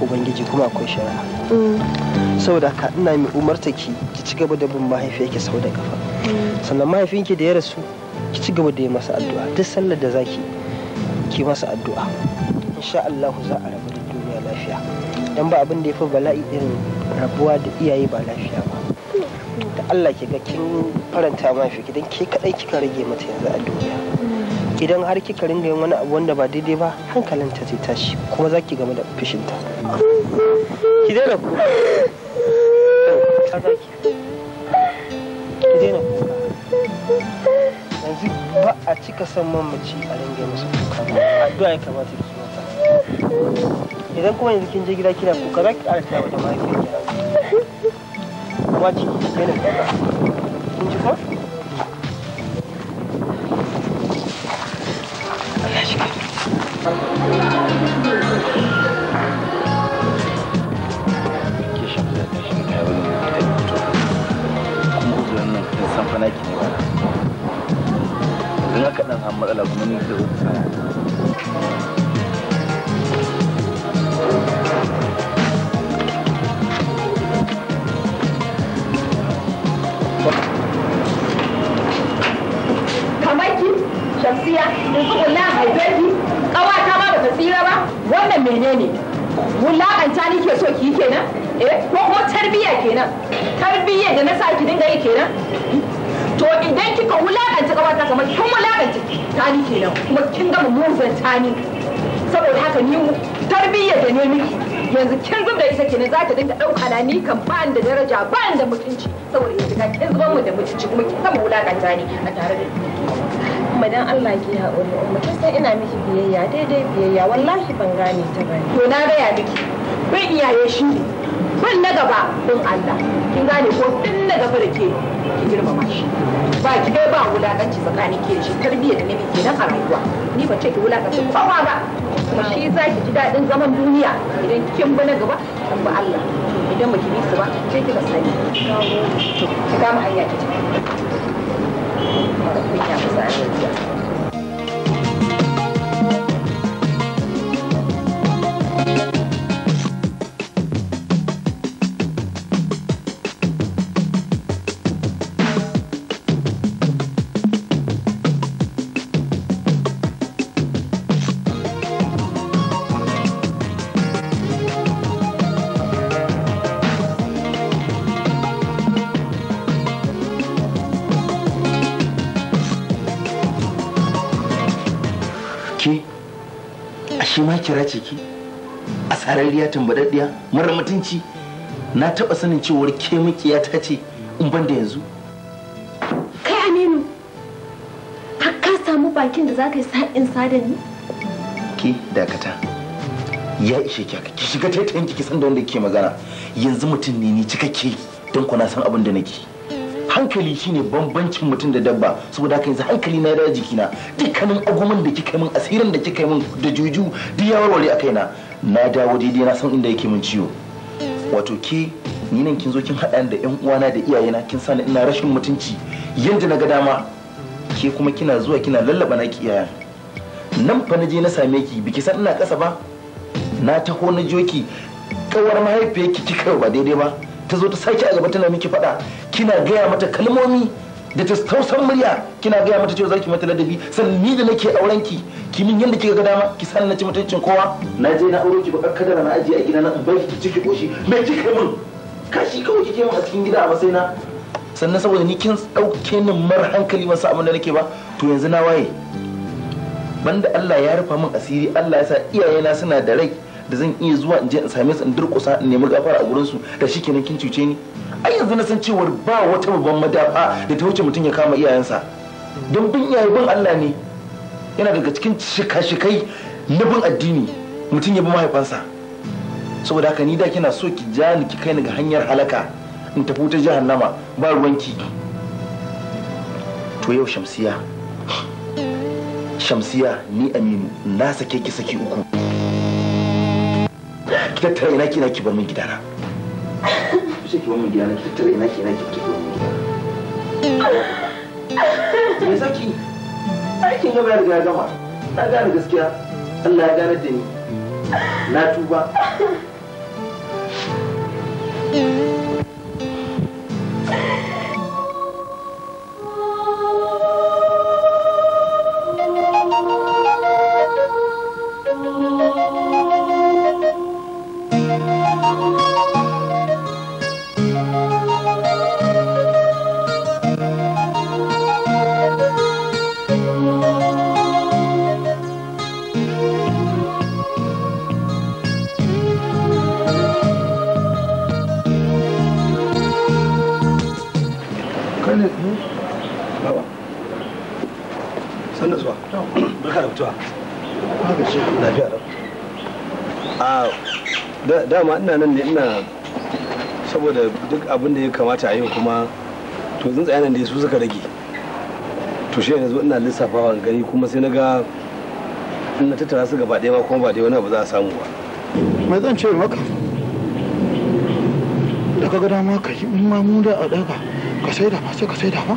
ubangiji kuma akwai shari'a mm. saboda ka ina mai umarta ki ki ci gaba da bin mahaifiyarki sau da kafa mm. sannan mahaifinki da ya rasu ki ci gaba da yi masa addu'a duk sallar da zaki ki masa addu'a insha Allah za a rabu da duniya lafiya dan ba abin da ya fi bala'i irin rabuwa da iyaye ba lafiya ba da Allah ki ga kin faranta ki dan ke kadai kika rage mata yanzu a duniya idan har kika ringa yin wani abu wanda ba daidai ba hankalinta zai tashi kuma za ki game da fishinta ki daina ku ki daina ku yanzu ba a cika son mamaci a ringa musu kuka addu'a ya kamata ki mata idan kuma yanzu kin je gida kina kuka za ki ƙara tsaya wajen mahaifiyar ki kuma ci ki daina kuka kin ji ko naki ne ba yanzu haka dan matsala kuma ni ke kamaki a haifarki ma bata tsira ba wannan menene wula'anta ni ke so ki kenan eh, ko kuma tarbiyya kenan tarbiyya da na sa ki dinga yi kenan idan kika wulakanta ta kamar kin wulakanta tani kenan kuma kin gama muzan tani saboda haka ni tarbiyya da ne miki yanzu kin zuba ita kenan za ta dinga ɗauka na ni kan ba da daraja ban da mutunci saboda yanzu ka kin zuba mu da mutunci kuma kin gama wulakanta ni a tare da kuma dan Allah ki haƙuri umma kin san ina miki biyayya daidai biyayya wallahi ban gane ta bane to na gaya miki ban iyaye shi ban na gaba don Allah kin gane ko tun na gaba da ke ki girmama shi ba ki dai ba wulakanci tsakanin ke shi tarbiyyar da nemi kenan a rayuwa ni ba ce ki wulakanci kowa ba kuma shi za ki ji daɗin zaman duniya idan kin bi na gaba kin bi Allah idan ba ki bi su ba sai kika sani ki kama hanya ki ci kunya ku sa kira kira a tsararriya tambadaddiya mara mutunci na taba sanin cewar ke ta ce in ban da yanzu kai aminu har ka samu bakin da za ka yi sa'in sada ni ki dakata ya ishe ki ki shiga taitayin ki san da wanda ke magana yanzu mutum ne ni ke don kuna san abin da nake hankali shine bambancin mutum da dabba saboda haka yanzu hankali na da jikina duk kanin agumin da kika min asirin da kika min da juju duk ya warware a kaina na dawo daidai na san inda yake min ciwo wato ke ni nan kin zo kin haɗa da ƴan uwana da iyayena kin sani ina rashin mutunci yanda na ga dama ke kuma kina zuwa kina lallaba na ki iyayen nan fa na je na same ki biki san ina ƙasa ba na taho na joki kawar mahaifiyarki kika ba daidai ba ta zo ta sake a gaba tana miki faɗa kina gaya mata kalmomi da ta murya kina gaya mata cewa zaki mata ladabi sannan ni da nake auren ki ki min yanda kika ga dama ki san na ci mutuncin kowa na je na aure ki bakar kadara na ajiye a gida na in bai ki ciki koshi me kika mun. kashi kawai kike min a cikin gida a matsayina. sannan saboda ni kin dauke ni mar hankali ban san abin da nake ba to yanzu na waye banda Allah ya rufa min asiri Allah ya sa iyayena suna da rai da zan iya zuwa in je in same su in durkusa in nemi gafara a gurin su da kenan kin cuce ni ai yanzu na san cewa ba wata babban madafa da ta wuce mutum ya kama iyayensa don bin iyaye bin Allah ne yana daga cikin shika-shikai na bin addini mutum ya bi mahaifansa saboda haka ni da kina so ki ja ni ki kai ni ga hanyar halaka in tafi wuta jahannama ba ruwanki to yau shamsiya shamsiya ni aminu na sake ki saki uku ki ina na min gidana ki ki bar min gidana na saki aikin gaba ya riga gama na gane gaskiya Allah ya gane na tuba mm. mutuwa a dama ina nan ne ina saboda duk abin da ya kamata a yau kuma to zan nan da su suka rage to shi yanzu ina lissafawa gani kuma sai na ga ina tattara su gaba ɗaya ma kuma ba dai wani abu za a samu ba mai zan ce maka Da ka gada ma ka yi ma mu da a daga ka sai da ma sai ka sai da ma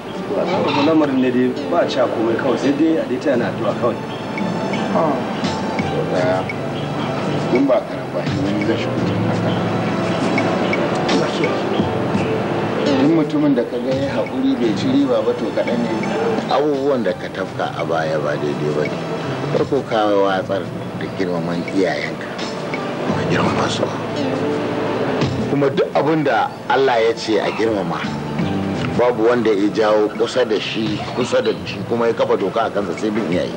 ba lamarin ne dai ba ca komai kawai sai dai a dai tana addu'a kawai mun ah. ba wani zai shi mutumin da ka ga ya haƙuri bai ci riba ba to kaɗan ne abubuwan da ka tafka a baya ba daidai ba ne farko kawo watsar da girmaman iyayenka ba girmama su kuma duk abin da allah ya ce a girmama babu wanda ya jawo kusa da shi kusa da shi kuma ya kafa doka a kansa sai bin iyaye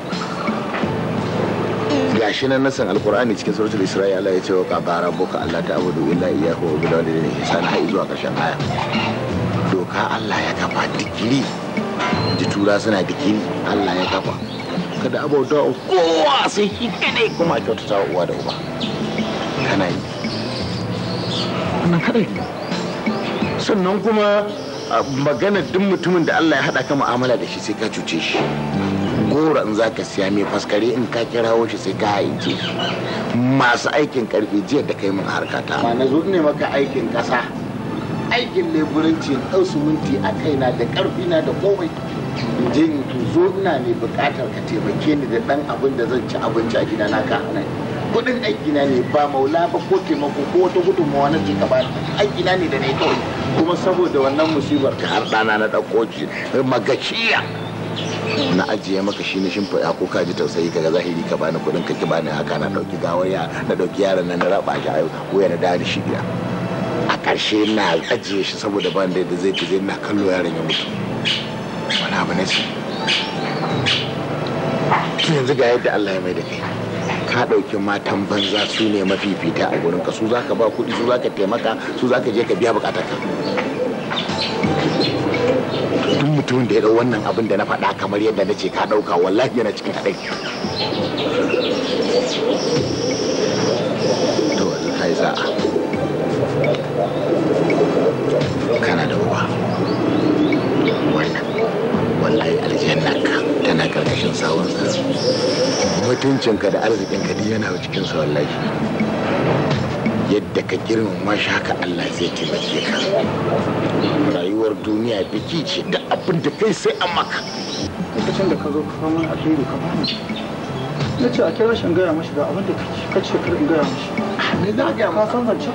shi nan nasan alkur'ani cikin suratul isra'i Allah ya ce wa qadara allah alla ta'budu illa iyyahu wa bil walidayni ihsana har zuwa karshen aya doka Allah ya kafa digiri ji tura suna digiri Allah ya kafa kada abauta kowa sai shi kadai kuma kyautata wa uwa da uba kana yi sannan kuma magana duk mutumin da Allah ya haɗa ka mu'amala da shi sai ka cuce shi goro in za ka siya mai faskare in ka kirawo shi sai ka haike shi masu aikin karfe jiya da kai mun harkata ma na zo ne maka aikin kasa aikin leburanci ɗau minti a kaina da ƙarfi na da komai in in zo ina ne bukatar ka taimake ni da ɗan abin da zan ci abinci a gida na ka hana kudin aikina ne ba maula ba ko taimako ko wata gudunmawa na jika ba aikina ne da ne kawai kuma saboda wannan musibar ka har dana na ɗauko shi magaciya na ajiye maka shi na shimfiɗa ko ka ji tausayi kaga zahiri ka bani kuɗin ka ki bani haka na ɗauki gawar na ɗauki yaran na raba shi a wuya na dare shi biya a ƙarshe na ajiye shi saboda ban da zai zai na kallo yaran ya mutu wani abu ne su yanzu ga yadda Allah ya mai da kai ka ɗauki matan banza su ne fita a gurinka su za ka ba kuɗi su za ka taimaka su za ka je ka biya bukatarka duk mutumin da ya ɗau wannan abin da na faɗa kamar yadda na ce ka ɗauka wallahi yana cikin haɗari to kai za'a kana da uba wannan wallahi aljanna ka tana karkashin sawunsa mutuncinka da arzikinka duk yana cikin sa wallahi yadda ka girmama shi haka Allah zai taimake ka rayuwar duniya biki ce da abin da kai sai a maka lokacin da ka zo ka fama a shiri ka bani na ce a shi rashin gaya mashi ga abin da ka ce kar in gaya mashi me za ka ka san zance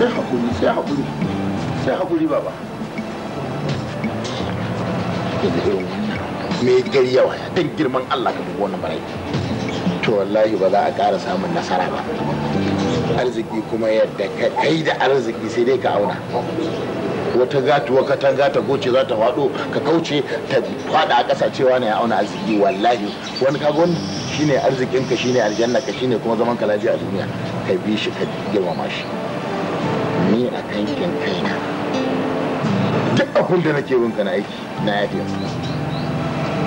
sai hakuri sai hakuri sai hakuri baba da irin mai gari yawa don girman Allah ka dubi wannan barai to wallahi ba za a ƙara samun nasara ba arziki kuma yadda ka kai da arziki sai dai ka auna wata gatuwa ka ta goce za ta faɗo ka kauce ta faɗa a ƙasa cewa ne ya auna arziki wallahi wani kagon shine arzikinka shine aljanna ka shine kuma zaman ka lafiya a duniya ka bi shi ka girmama shi ni a kankin kaina duk abin da nake binka na aiki na yafe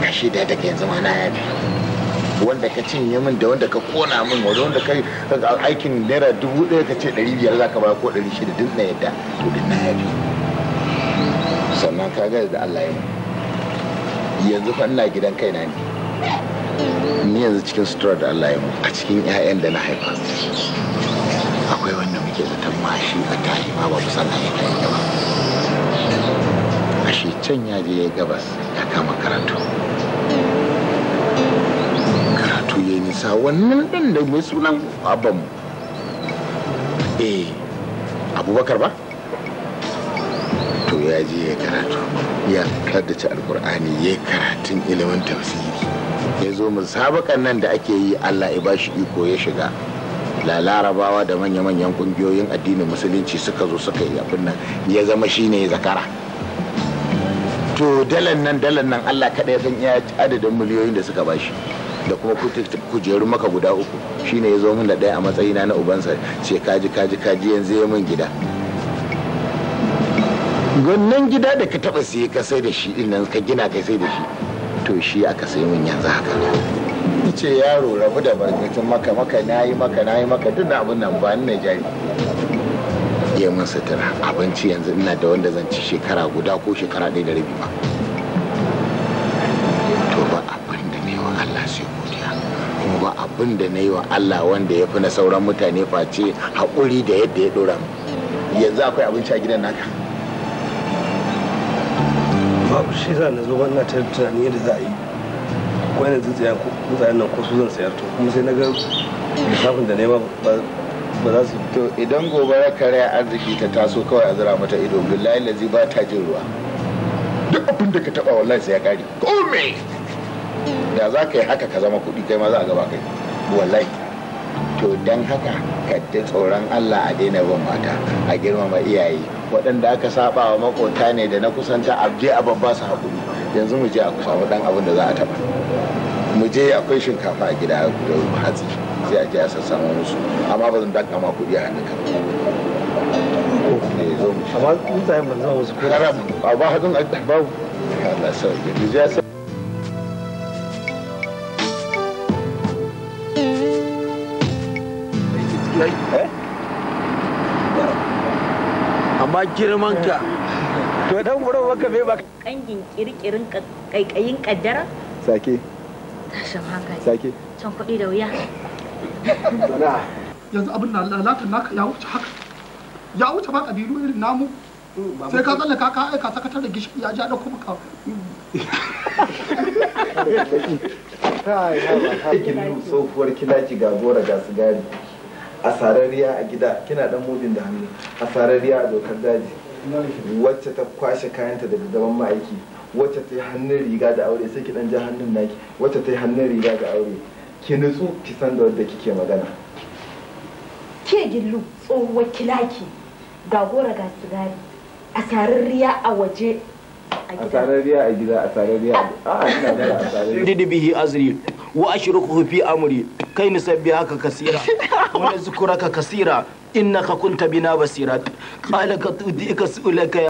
kashi da take yanzu ma na yafe wanda ka cinye min da wanda ka kona min wanda wanda kai kaga aikin naira dubu ɗaya ka ce ɗari biyar zaka ba ko ɗari shida duk na yadda to duk na yafe sannan ka ga da Allah ya yanzu fa ina gidan na ne ni yanzu cikin sutura da Allah ya a cikin 'ya'yan da na haifa akwai wanda muke zaton mashi a tahi ma ba mu san kai ba can ya je ya gabas ya kama karatu karatu ya nisa wannan ɗin da mai sunan babanmu eh abubakar ba to ya je ya karatu ya ci alkur'ani ya karatun ilimin tafsiri ya zo musabakan nan da ake yi allah ya bashi iko ya shiga Lalarabawa larabawa da manya-manyan kungiyoyin addinin musulunci suka zo suka yi abin nan ya zama shine zakara to dalan nan dalan nan Allah kada kaɗai san iya adadin miliyoyin da suka bashi da kuma kujeru maka guda uku shine ya zo min da ɗaya a matsayina na ubansa ce kaji kaji kaji yanzu ya mun gida gwannan gida da ka taba siye ka sai da shi din nan ka gina ka sai da shi to shi aka sai mun yanzu haka ce yaro rabu da barkatun maka maka nayi maka nayi maka duk abin nan ba ni na jari iya min sutura abinci yanzu ina da wanda zan ci shekara guda ko shekara ɗaya da rabi ba to ba abin da na yi wa Allah sai godiya kuma ba abin da na yi wa Allah wanda ya fi na sauran mutane face haƙuri da yadda ya ɗora mu yanzu akwai abinci a gidan naka babu shi za na zo wannan ta tunani da za a yi wani tsuntsayen nan ko su zan sayar to kuma sai na ga lissafin da nema ba ba za su to idan gobara karaya arziki ta taso kawai a zira mata ido billahi lazi ba ta jin ruwa duk abin da ka taba wallahi sai ya kare kome da za ka yi haka ka zama kuɗi kai ma za a gaba kai wallahi to dan haka kadda tsoron Allah a daina bin mata a girmama iyaye waɗanda aka saba wa makota ne da na kusanta a je a babba su haƙuri yanzu mu je a samu dan abin da za a taba mu je akwai shinkafa a gida hatsi sai a je a sassan wasu amma ba zan danka ma kuɗi a hannunka eh, amma mutane ba wasu kuɗi haram ba hadin Allah ya eh? amma girman ka to dan gurin baka bai baka kangin kirkirin kaikayin kaddara sake tashin hankali sake can kuɗi da wuya yanzu abin na lalatar naka ya wuce haka ya wuce ba kabilu irin namu sai ka tsallaka ka aika sakatar da gishiri ya ja da kuma ka aikin tsohuwar kilaci ga gora ga sigari a sarariya a gida kina dan mudin da hannu a sarariya a dokar daji wacce ta kwashe kayanta daga gaban ma'aiki wacce ta yi hannun riga da aure sai ki dan ja hannun naki wacce ta yi hannun riga da aure ki nutsu ki san da wadda kike magana ke gillu tsohuwar kilaki ga gora ga sigari a sararriya a waje a sararriya a gida a sararriya a ina da a sararriya bihi azri wa ashruku fi amri kai ni sabbi haka kasira wa nazkuraka kasira innaka kunta bina basira qala ka tudika su'ulaka